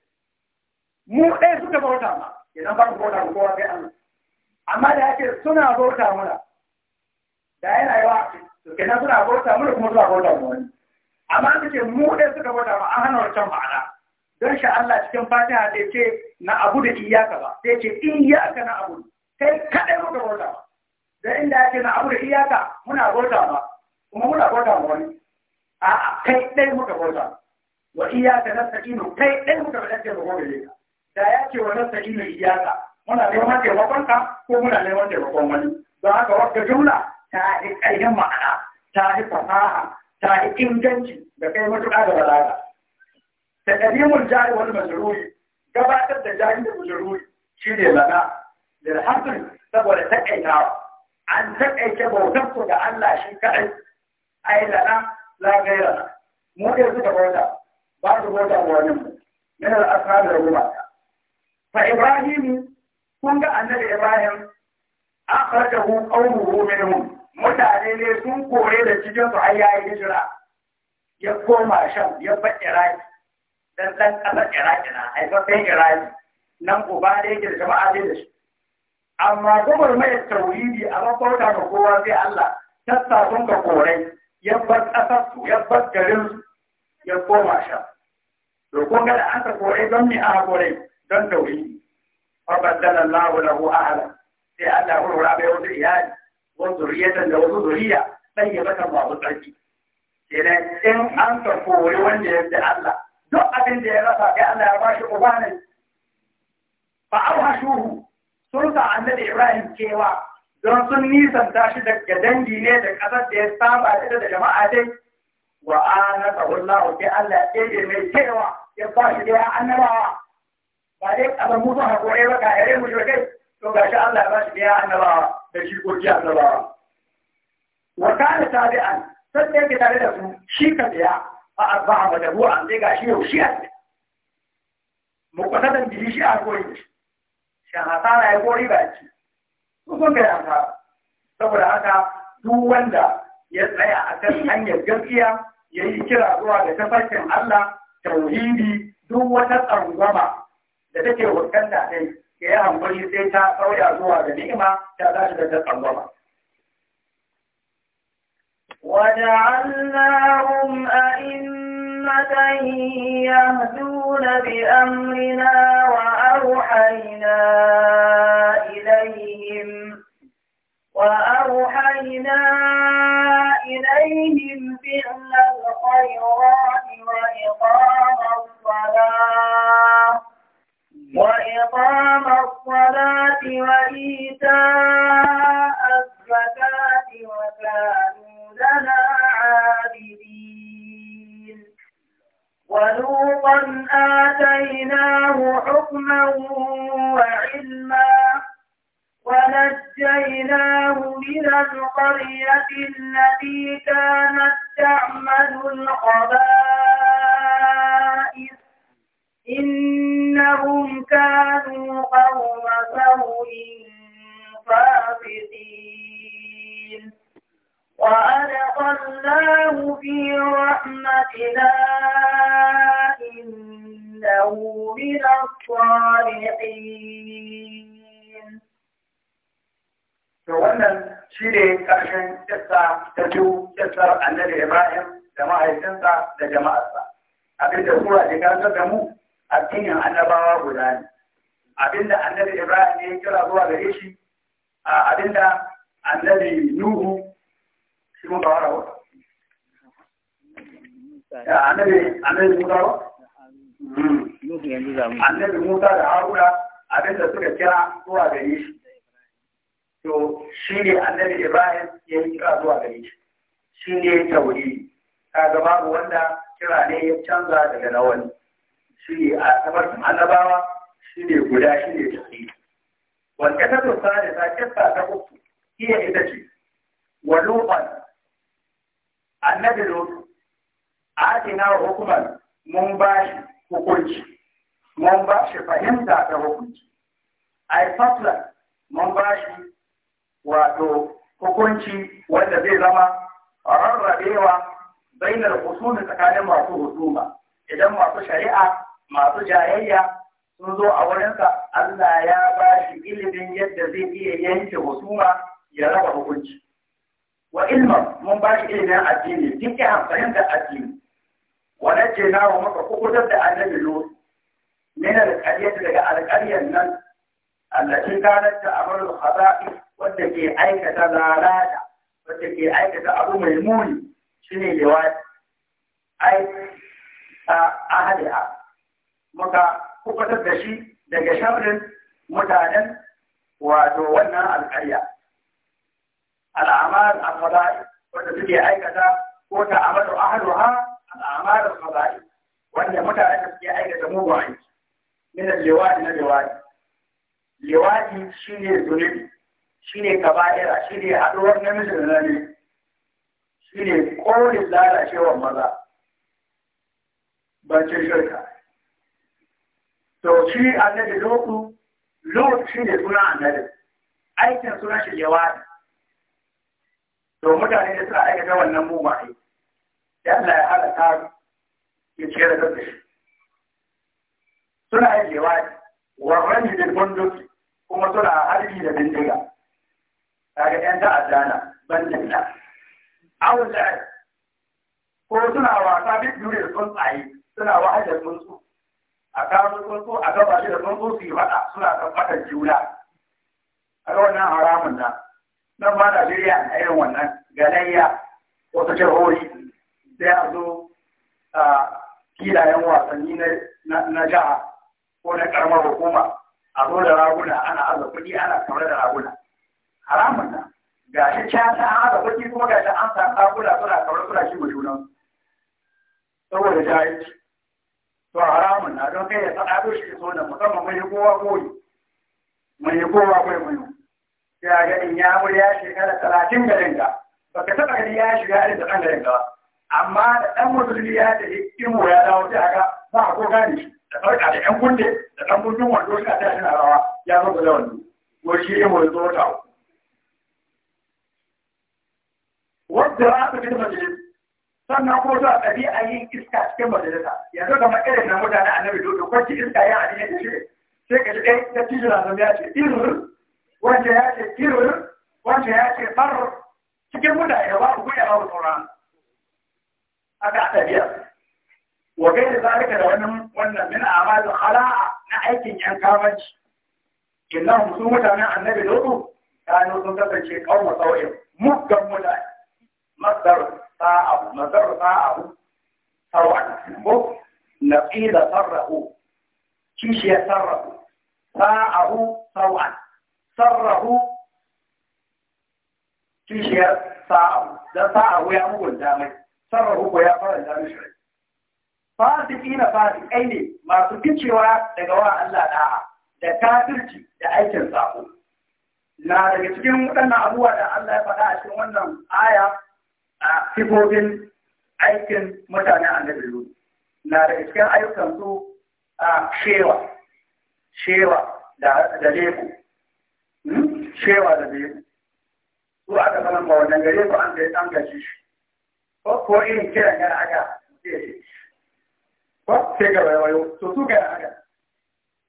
Speaker 2: mu ɗaya suka bauta ma idan ba mu bauta mu kowa sai Allah amma da yake suna bauta muna da yana yawa to kenan suna bauta mu kuma suna bauta mu wani amma an ce mu ɗaya suka bauta ma an hana wancan ma'ana don sha Allah cikin fatiha da ce na abu da iyaka ba sai ce iyaka na abu kai kaɗai muka bauta ba da inda ya ce na abu da iyaka muna bauta ba kuma muna bauta ma wani a'a kai ɗaya muka bauta wa iyaka na sakinu kai ɗaya muka bauta ce ba gobe ka da ya ce wa na sakinu iyaka muna neman taimakonka ko muna neman taimakon wani don haka wakka jumla ta yi ƙarfin ma'ana ta yi fasaha ta yi inganci da kai matuƙa da balaga da ƙadimin jari wani gabatar da jari da majruri shi ne lana da hakan saboda taƙaitawa an taƙaice bautar ku da Allah shi kaɗai ai lana yi lana mu dai suka bauta ba su bauta ga wani mu min al da gumaka fa ibrahim kun ga annabi ibrahim akhrajahu qawmuhu minhum mutane ne sun kore da cikin su ya yi hijira ya koma shan ya bar iraki dan dan kasar iraki na haifafen iraki nan uba da yake da jama'a dai da shi amma gubar mai tauhidi a mafauta ga kowa sai Allah tassa sun ga korai ya bar kasar su ya bar garin su ya koma shan to kun ga da an ka korai don me a korai don tauhidi fa baddala Allahu lahu halar, sai Allah ya hurra bai wata iyali da zuriya, sai ya طيبة الله تركي kenan in an ka kori wanda ya bi Allah duk abin da ya rasa ga Allah ya ba shi ubanin fa awhashuhu sun sa annabi Ibrahim cewa don sun nisanta shi daga dangi ne da kasar da ya saba ita da jama'a dai wa ana tawallahu sai Allah ya ce mai cewa ya ba shi da annabawa ba dai kasar musu hakuri ba ga yare mu shi kai to gashi Allah ya ba shi da annabawa da jikoki annabawa wa kana tabi'an sai yake tare da su shi ka tsaya a arba'a ba da bu'an sai shi yau shi a mukwatadan bihi shi a koyi shi shan hasara ya kori ba ci su sun kai saboda haka duk wanda ya tsaya a kan hanyar gaskiya ya yi kira zuwa da tafarkin Allah tauhidi duk wata tsangwama da take wakanta dai ya yi hankali sai ta sauya zuwa da ni'ima ta tashi da ta tsangwama.
Speaker 1: وجعلناهم أئمة يهدون بأمرنا وأوحينا إليهم وأوحينا إليهم فعل الخيرات وإقام الصلاة وإقام الصلاة وإيتاء الزكاة وكانوا لنا عابدين ولوطا آتيناه حكما وعلما ونجيناه من القرية التي كانت تعمل الخبائث إنهم كانوا قوم سوء فاسقين وأدخلناه في رحمتنا إنه من الصالحين
Speaker 2: to wannan shi ne ƙarshen kissa ta biyu kissar annabi Ibrahim da mahaifinsa da jama'arsa abin da sura ke karantar da mu addinin annabawa guda ne abinda annabi Ibrahim ya kira zuwa gare shi abinda annabi Nuhu shi mun bawa wa annabi Musa hmm. annabi Musa da Haruna abinda suka kira zuwa gare shi to shi ne annabi Ibrahim ya kira zuwa gare shi shi ne tauri Ta gaba wanda kira ne ya canza daga na wani shi ne a tabarkin annabawa shi ne guda shi ne tafi wanda ta tusa ne ta kista ta uku iya ita ce wa annabi lutu atina wa hukuman mun ba shi hukunci mun ba shi fahimta ta hukunci ai fatla mun ba shi wato hukunci wanda zai zama rarrabewa bainar husumi tsakanin masu husuma idan masu shari'a masu jayayya sun zo a wurinsa Allah ya ba shi ilimin yadda zai iya yanke husuma ya raba hukunci wa ilman mun ba shi ilimin addini duk ya fahimta addini wa najjayna wa muka kukutar da annabi lut min alqaryati daga alqaryan nan allati kanat ta'malu al-khada'i wadda ke aikata lalata wadda ke aikata abu mai muni shine lewat ai a ahliha muka kubatar da shi daga shafin mutanen wato wannan alƙarya al'amal al-fada'i wanda suke aikata ko ta amalu ahluha al'amal al-fada'i wanda mutanen suke aikata mugu aiki min lewadi liwadi na lewadi, shi shine zunubi shine kaba'ira ne haɗuwar namiji da namiji shine ƙorin lalacewar maza bancin shirka to shi annabi loku loku shi ne suna annabi aikin suna shi jawabi to mutane da suna aikata wannan mugaye da Allah ya halaka ya ciyar da shi suna yin jawabi warrani da bunduki kuma suna harbi da bindiga kaga yan ta'adda na bandin na awon ko suna wasa bi dure tsuntsaye suna wahalar tsuntsu a kawo farko a gaba shi da farko su yi faɗa suna kan faɗar juna a ga wannan haramun nan nan ba shirya a irin wannan galayya wasu jihohi sai a zo a filayen wasanni na jiha ko na karamar hukuma a zo da raguna ana aza kuɗi ana kamar da raguna haramun nan ga shi can ta an aza kuɗi kuma ga shi an sa raguna suna kamar suna shi mu junan saboda jahilci to haramun na don kai ya faɗa to shi so da musamman mai kowa koyi mai kowa koyi mai ya ga in ya wuri ya shekara talatin garin ka ba ka taba gani ya shiga irin da ɗan garin ka amma da ɗan musulmi ya da imo ya dawo ta haka ba a ko gane shi da farka da 'yan kunde da ɗan kundin wando shi a ta shi na rawa ya zo da wando ko shi imo ya zo ta wadda ra'a ta fi da sannan kuma zuwa ɗabi'a yin iska cikin majalisa yanzu kamar irin na mutane annabi dodo kwanci iska ya ajiye ta ce, sai ka ji ɗai ta cikin na ya ce irur wanda ya ce irur wanda ya ce farar cikin mutane ba ku gudu ba ku sauran haka a ɗabi'a wa kai da zalika da wannan wannan min amalin khala'a na aikin yan kamanci innahum musu mutanen annabi dodo kanu sun kasance kauma sau'in muggan mutane masdar صاعه مضر صاعه طبعا نقيل سره كيشي سره صاعه طبعا سره كيشي صاعه ده صاعه يا مول دامي سره يا فرن دامي شوي fasiki na fasikai ne masu kicewa daga wa Allah da'a da kafirci da aikin sako na daga cikin waɗannan abubuwa da Allah ya faɗa a cikin wannan aya a sifofin aikin mutanen annabi Lut na da iske ayyukan su a shewa shewa da da leku hmm? shewa da leku su aka zama ba wannan gare ku an kai an gaji shi ko ko irin kiran yana aka ko sai ga wayo to su ga aka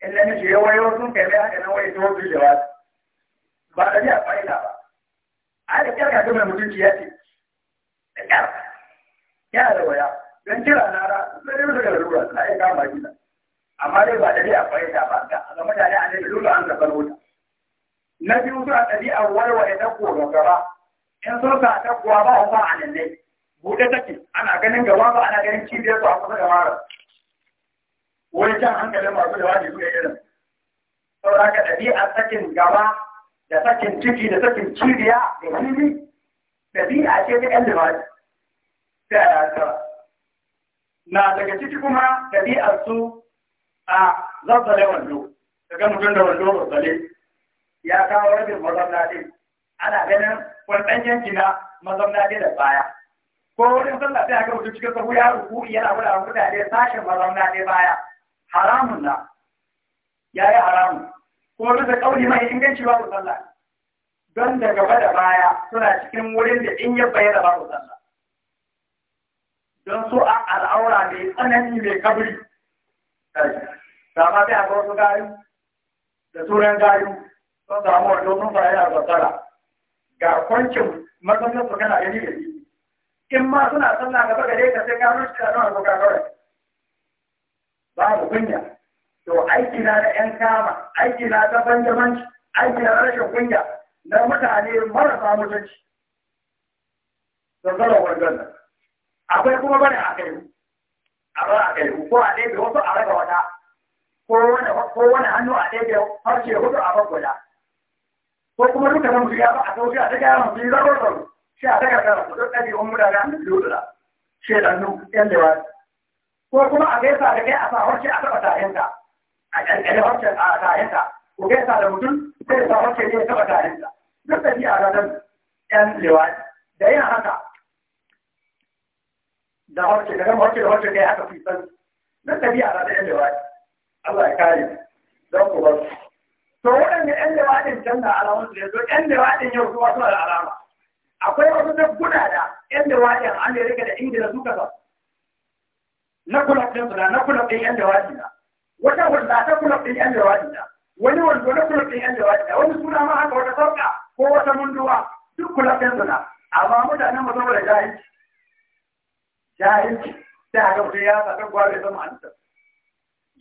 Speaker 2: in da nake wayo sun kai mai haka na wayo to bi da ba da ya fa'ida ba a da kyar ka ga mutunci ya ce Yana da waya don kira na ra sai musu ga lura suna iya kama gida amma dai ba da ga ga mutane a na ɗabi'ar warware ta kowa gaba in sun sa ta kuwa ba wa a nan buɗe take ana ganin gaba ba ana ganin cibiyar ba kusa da mara wani can hankalin masu da wani zuwa irin saboda ka ɗabi'ar sakin gaba da sakin ciki da sakin cibiya da fili ɗabi'a ce ta ƴan limani ta yara na daga ciki kuma ɗabi'ar su a zazzale wando daga mutum da wando zazzale ya kawo rabin mazamna ɗin ana ganin wani ɗan yanki na mazamna ɗin da baya ko wurin sallafi a aka mutum cikin sahu ya ruku yana gudu a mutane sashen mazamna ɗin baya haramun na ya yi haramun kuma bisa ƙauni mai inganci babu sallah don da gaba da baya suna cikin wurin da in ya bayyana ba sallah don su a al'aura mai tsanani mai kabri da ma sai a ga wasu gari da turan gari sun samu wato sun fara yana zazzara ga kwancin mazaunin su kana gani da in ma suna sallah gaba gare ka sai gano shi da nan ko kawai babu kunya to aiki na da yan kama aiki na da banjamanci aiki na rashin kunya na mutane marasa mutunci da zara wajen nan akwai kuma bane a kai a ba a kai ko a ɗaya wasu a raga wata ko wani hannu a ɗaya harshe hudu a bakwada ko kuma duka nan ya ba a sauki a ta gaya mafi yi zarar su shi a daga kara su don ɗari wani mutane an biyu da shedannu yan lewa ko kuma a gaisa da kai a sa harshe a taɓa tahinta a ƙarƙare harshen a tahinta ko gaisa da mutum sai sa harshe ne ya taɓa tahinta na tafiya ranar ‘yan lewari da yin haka da harce da gama da harce kai aka fi san na tafiya ranar ‘yan lewari Allah ya kare don ku bar to waɗanda ‘yan lewarin can da alamun su yanzu ‘yan lewarin yau zuwa suna da alama akwai wasu dabbuna da ‘yan lewarin Amerika da Ingila suka sa na kulab ɗin na kulab ɗin ‘yan lewarin na wata hulɗa ta kulab ɗin ‘yan lewarin na wani wani kurɗin yan jawaɗi wani suna ma haka wata sauka ko wata munduwa duk kula kan suna amma mutanen mu saboda jahilci jahilci sai haka mutum ya sa kan gwaro sama an ta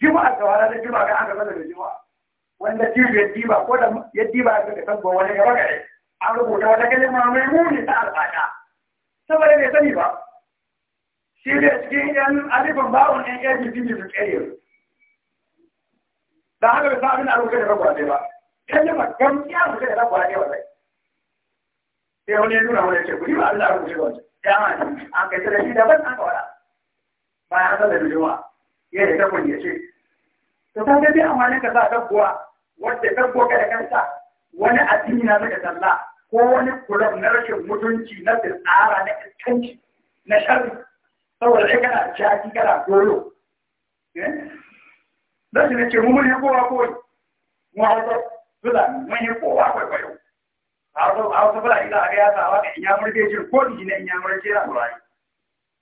Speaker 2: jima'a a wala da jima'a ga an gaba da jima'a wanda jibi ya diba ko da ya diba ya ga tabbo wani ya bagare an rubuta wata kalma mai muni ta albata saboda bai sani ba shi ne cikin yan alifin bawon yan yan jibi su tsere da haka da sabin aro kai da rabuwa ne ba kan ne magan ya mu kai da rabuwa ne wallahi sai wani ya nuna wani ce ku yi ba Allah aro kai wallahi ya ma an kai da shi da ban an kawara bayan an sallar juma'a ya da dabban ya ce to ta ga dai amanin ka sa dabbuwa wanda dabbo kai da kansa wani addini na maka sallah ko wani kulab na rashin mutunci na tsara na iskanci na sharri saboda sai kana jaki kana dolo Zan ne ce mu mun yi kowa kawai. Mu hausa Fulani mun yi kowa kwaikwayo. A wasu Fulani za a ga ya sa waka in ya murje shi ko jiki na in ya murje ya murayi.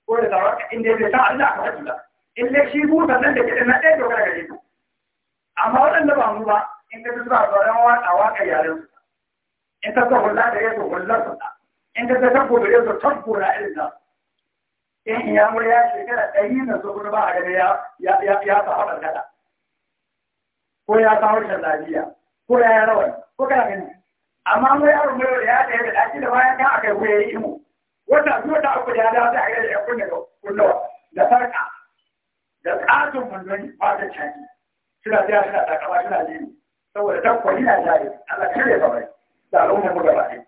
Speaker 2: Ko da sa waka inda ya sa Allah ka tafi da. In dai shi buta nan da ke na ɗaya dogara gare su. Amma waɗanda ba mu ba in ka zuwa sauran waka waka yaren su. In ka sa hulla da ya zo hullar su In ka sa tabbo da ya zo tabbo na irin nasu. in ya murya shekara ɗari na zuwa ba a gani ya ya ya ta haɗa kada. ko ya kawo lafiya ko ya yi rawar ko kana gani amma mai yaro mai ya tsaye da daki da bayan kan akai ko ya yi imo wata biyu ta uku da ya dawo sai a gare da kunne kunnawa da farka da tsatsun mundun fata canji suna biya suna takawa suna jini saboda ta kwani na jari Allah kare ya bai da al'umma mu gaba ɗaya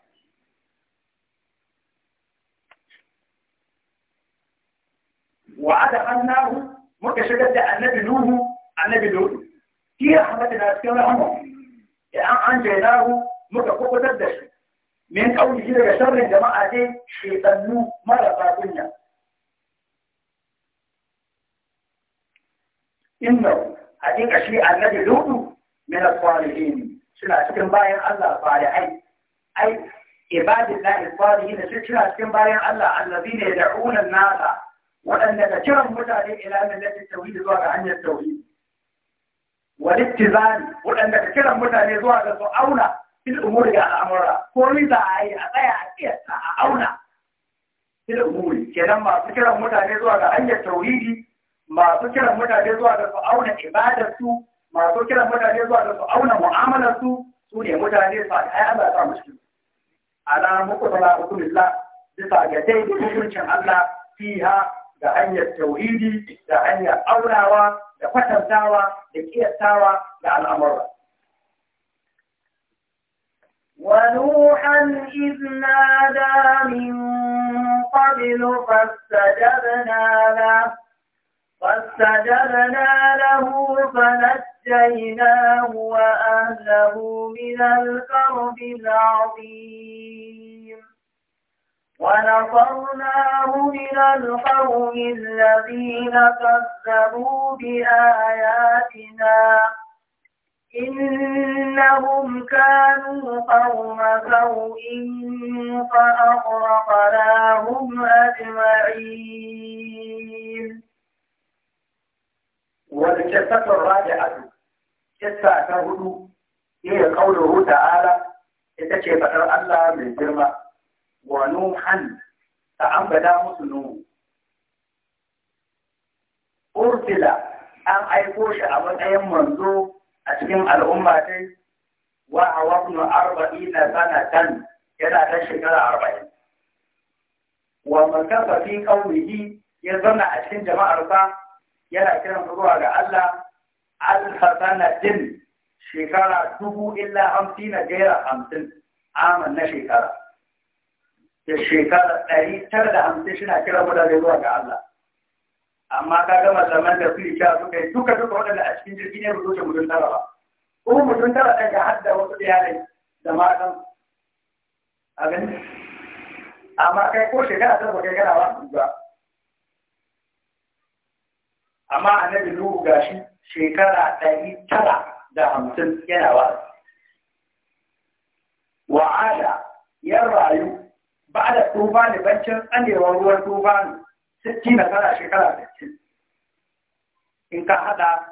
Speaker 2: wa adakhannahu muka shigar da annabi nuhu annabi lutu كي أحمد الناس كي رحمه الآن يعني عن جيناه متقوق تدش من أول جيدة شر جماعة دي شيطان نو مرة باقلنا إنه هذيك الشيء الذي لوده من الصالحين شنا سكن باين الله صالحين أي عباد الله الصالحين شنا سكن باين الله الذين يدعون الناس وأن نتجرم متعلي إلى من التي التوحيد الواقع عن التوحيد walittizani waɗanda ka kiran mutane zuwa ga su auna fil umuri ga al'amura ko ni za a yi a tsaya a kiyasta a auna fil umuri kenan masu kiran mutane zuwa ga hanyar tauhidi masu kiran mutane zuwa ga su auna su, masu kiran mutane zuwa ga su auna mu'amalarsu su ne mutane su ai Allah ta musu ala muqtala hukumillah bisa ga dai hukuncin Allah fiha da hanyar tauhidi da hanyar aurawa da kwatantawa da kiyastawa da al'amura
Speaker 1: ونوحا إذ نادى من قبل فاستجبنا له فاستجبنا له فنجيناه وأهله من الكرب العظيم ونصرناه من القوم الذين كذبوا بآياتنا إنهم كانوا قوم سوء فأغرقناهم أجمعين
Speaker 2: والكسة الرابعة كسة تهدو هي قوله تعالى إذا شيء الله من جرمه wa nuhan ka ambata musu nuhu ursila an aiko shi a matsayin manzo a cikin al'umma dai wa a wafnu arba'i na sanatan yana ta shekara arba'in wa makasa fi qaumihi ya zauna a cikin jama'ar jama'arsa yana kiran zuwa ga Allah alfasanatin shekara dubu illa hamsin na gaira hamsin aman na shekara da shekara ɗari tara da hamsin suna kira mutane zuwa ga Allah. Amma ka gama zaman da su isha suka yi duka duka waɗanda a cikin jirgi ne rubuce mutum tara ba. Kuma mutum tara ɗan ga hadda wasu iyalai da matan. A gani? Amma kai ko shekara ta ba kai gana ba ba. Amma annabi Nuhu gashi shekara ɗari tara da hamsin yana wa. Wa'ada ya rayu ba da tuba ne bancin tsanewar ruwan tuba ne sitti na tara shekara sittin in ka haɗa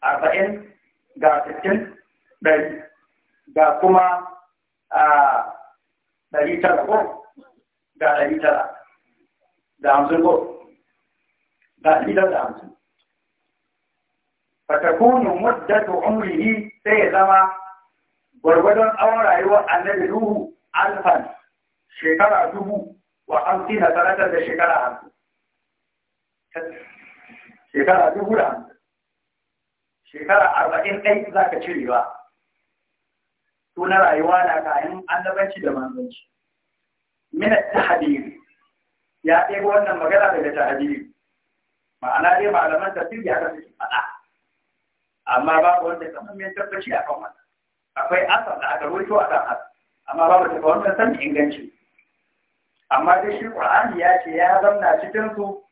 Speaker 2: arba'in ga sittin ɗari ga kuma ɗari tara ko ga ɗari tara da hamsin ko ga ɗari tara da hamsin fatakunu muddatu umrihi sai ya zama gwargwadon tsawon rayuwar annabi ruhu alfan shekara dubu wa hamsin na sanatar da shekara hamsin shekara dubu da hamsin shekara arba'in ɗai za ka cire ba to na rayuwa na kayan annabanci da manzanci minat hadiri. ya ɗaya wannan magana daga hadiri. ma'ana dai malaman tafsiri ya kasance faɗa amma babu wanda kamar mai tabbaci a kan wannan akwai asar da aka rawaito a kan asar amma babu da wannan san inganci amma dai shi Qur'ani ya ce ya zamna cikin su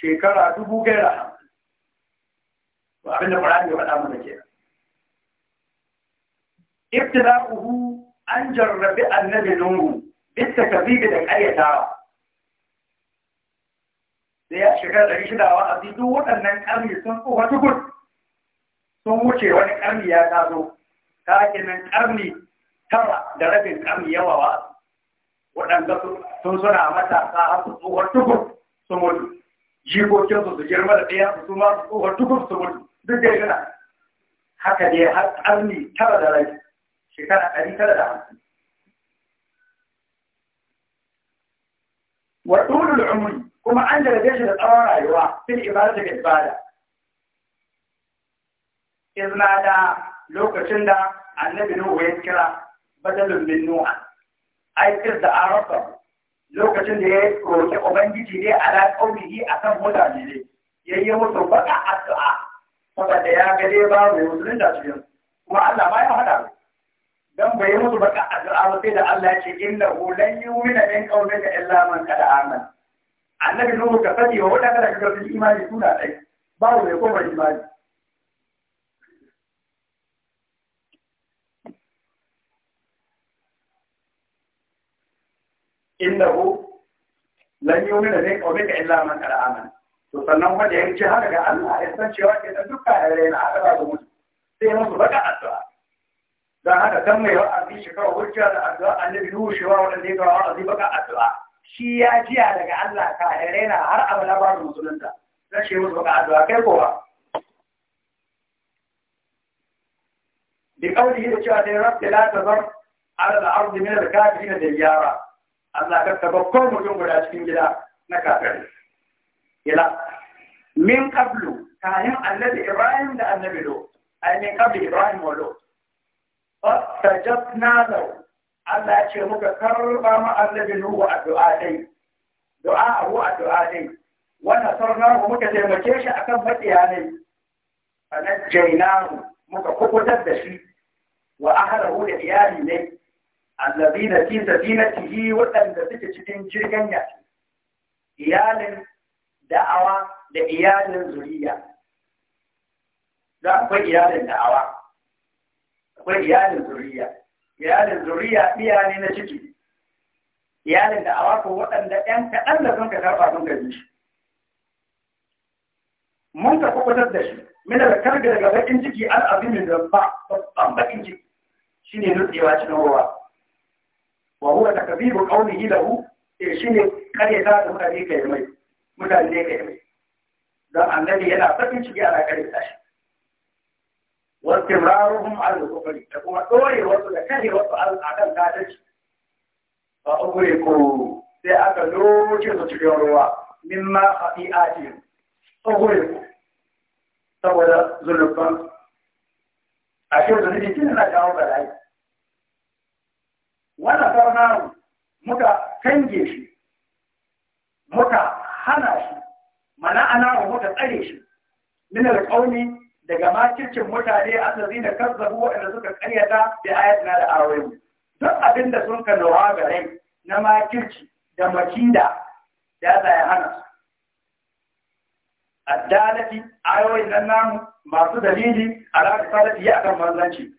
Speaker 2: shekara dubu gaira to abin da Qur'ani ya faɗa mana kenan ibtida'uhu an jarrabi annabi nuhu bitta kazibi da ayata da ya shiga ɗari shida wa a duk waɗannan ƙarni sun tsoha tukun sun wuce wani ƙarni ya taso ta nan ƙarni tara da rabin kam yawawa wa waɗanda sun suna matasa har su tsohon tukur su mutu jikokin su su girma da ɗaya su ma su tsohuwar tukur su mutu duk da yana haka ne har ƙarni tara da rabin shekara ɗari tara da hamsin wa ɗulul umri kuma an jarabe shi da tsawon rayuwa fil ibada da ibada izna da lokacin da annabi Nuhu ya kira badalun min nuha kir da arafa lokacin da ya roƙi ubangiji ne a ala a kan mutane ne yi mutu baka addu'a da ya gade ba mai musulun da cikin kuma Allah ma ya hada dan bai mutu baka addu'a ba sai da Allah ya ce innahu lan yu'mina min qaumika illa man qad amana annabi nuhu ka fadi wa wadanda da kaga imani suna dai ba mai kuma imani innahu lan yu'mina bi qawlika illa man qad amana to sannan wanda ya ci har ga Allah ya san cewa ke da duka yare na adaba da mutu sai musu baka addu'a dan haka dan mai wa'azi shi kawai hujja da addu'a annabi Nuhu shi wa wanda ya kawo wa'azi baka addu'a shi ya jiya daga Allah ka yare na har abada ba musulunta dan shi musu baka addu'a kai ko ba da بقوله تعالى رب لا تذر على الأرض من الكافرين ديارا Allah ka taba ko mutum guda cikin gida na kafiri ila min qablu kayan annabi Ibrahim da annabi do. ai min qabli Ibrahim wa Fa tajabna lahu Allah ce muka karba mu annabi Nuhu addu'a dai du'a abu addu'a dai wannan mu muka taimake shi akan matsiya ne fanajjainahu muka kubutar da shi wa ahlahu da iyali ne allazi na fi safinatihi waɗanda suke cikin jirgin yaki iyalin da'awa da iyalin zuriya da akwai iyalin da'awa akwai iyalin zuriya iyalin zuriya iya ne na ciki iyalin da'awa ko waɗanda ɗan kaɗan da sun ka karɓa sun gaji shi mun ka kubutar da shi min da karga daga bakin ciki al'azimin da ba babban bakin ciki shine nutsewa cikin ruwa wa huwa takzibu qawlihi lahu eh ne, kare ta da mutane kai mai mutane ne kai mai dan annabi yana sakin ciki ana kare da shi Wasu istimraruhum ala al-kufri da kuma dore wasu da kare wasu al'adan gadanci fa ughriqu sai aka loce su cikin ruwa mimma khati'atihim ughriqu saboda zulubban a shi zunubi tun yana jawo bala'i wannan sarnaru muka kange shi muka hana shi mana ana muka tsare shi Minar ƙauni daga makircin mutane a allazi da kazzabu waɗanda suka karyata da ayatuna da ayoyi duk abin da sun ka nawa ga na makirci da makida da za ya hana su addalati ayoyin nan namu masu dalili a rafi sadati ya kan manzanci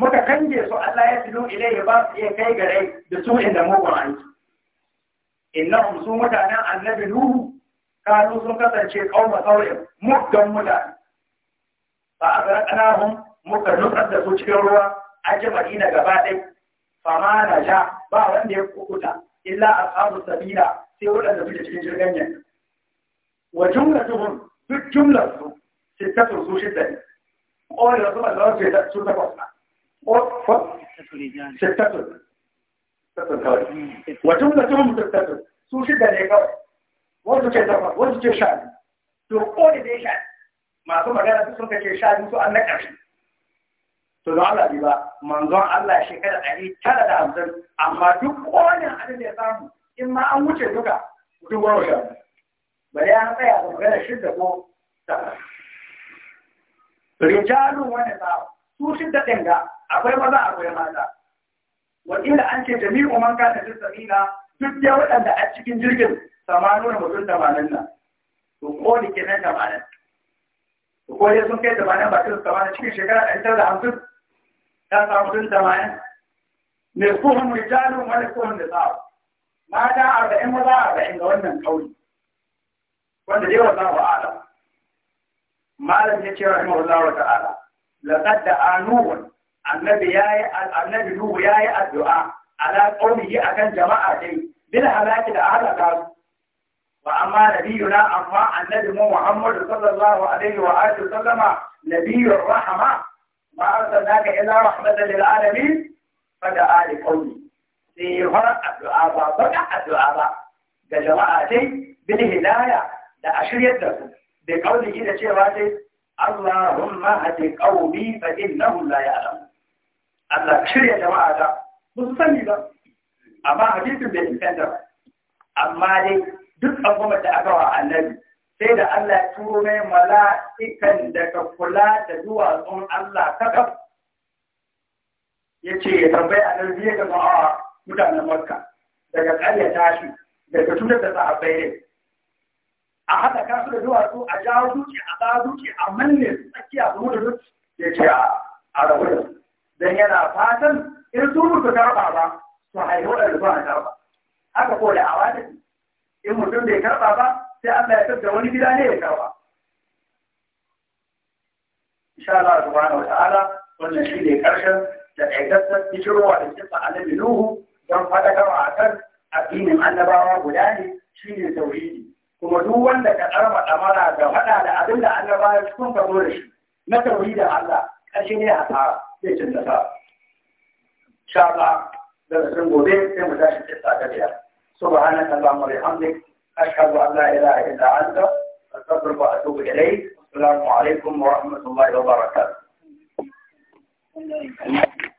Speaker 2: muka kange su Allah ya tilo ya ba su iya kai gare da su inda mugun aiki hum su mutanen annabi nuhu kanu sun kasance kauma saurin muggan mutane fa hum muka nutsar da su cikin ruwa a ji na gaba ɗai fa ma na ja ba wanda ya kukuta illa ashabu sabila sai waɗanda suke cikin jirgin yanzu wa jumlatuhum duk jumlar su sai ta tursu shidda ne ƙorin su ba za su ta takwas na sittatun sittatun kawai wajen mutumin sittatun su shida ne kawai wasu ce zama wasu ce shani to kone ne shani masu magana su suka ce shani su an na ƙarshe to don Allah ba manzon Allah shekara ɗari tara da hamsin amma duk kone abin da ya samu in ma an wuce duka duk wani shani bari an tsaya da magana shida ko tara rijalun wani samu Tushin da ɗin ga akwai maza akwai mata wakila an ce jami'u man kana fi samina duk ya waɗanda a cikin jirgin samanu da mutum tamanin nan to ko ni kenan tamanin to ko dai sun kai tamanin ba kai tamanin cikin shekara ɗari tara da hamsin ta samu mutum tamanin ne kuhun rijalun wani kuhun da sa'a mata arba'in maza arba'in ga wannan kauri. wanda dai wa a alam malam ya ce wa rahimahullahu ta'ala لقد دعا النبي يا النبي نوح يا الدعاء على قومه أكن جماعة بلا هلاك الأهل كاس وأما نبينا أما النبي محمد صلى الله عليه وآله وسلم نبي الرحمة ما أرسلناك إلا رحمة للعالمين فدعا لقومه سيهرق الدعاء بدع الدعاء بجماعة jama'a dai bil hidaya da ashiriyar da su da اللهم هد قومي فإنهم ya يعلمون Allah shirya jama'a ta ba sani ba amma hadisin bai inganta ba amma dai duk abubuwan da aka wa annabi sai da Allah ya turo mai mala'ikan daga kula da duwatsun Allah kakaf ya ce ya tambayi annabi ya gama ma'awa mutanen Makka daga ƙarya tashi daga tunar da sahabbai ne a haɗa kasu da duwatsu a jawo duki a tsawo duki a manne tsakiya su mutu ya ce a rabu don yana fatan in su mutu karɓa ba su haihu da zuwa na karɓa haka ko da awa da in mutum bai karɓa ba sai an ya da wani gida ne ya karɓa insha Allah subhanahu wa ta'ala wannan shi ne karshen da aikata hijirwa da kisa annabi Nuhu don faɗakarwa akan addinin annabawa guda ne shine tauhidi kuma duk wanda ka tsarba ɗamara da faɗa da abin da annabawa sun ka zo da shi na tauhidin Allah ƙarshe ne hasara zai cin nasara sha ba daga sun gobe sai mu tashi cikin tafiya سبحانك اللهم وبحمدك أشهد أن لا إله إلا أنت أستغفرك
Speaker 1: وأتوب إليك السلام عليكم ورحمة الله وبركاته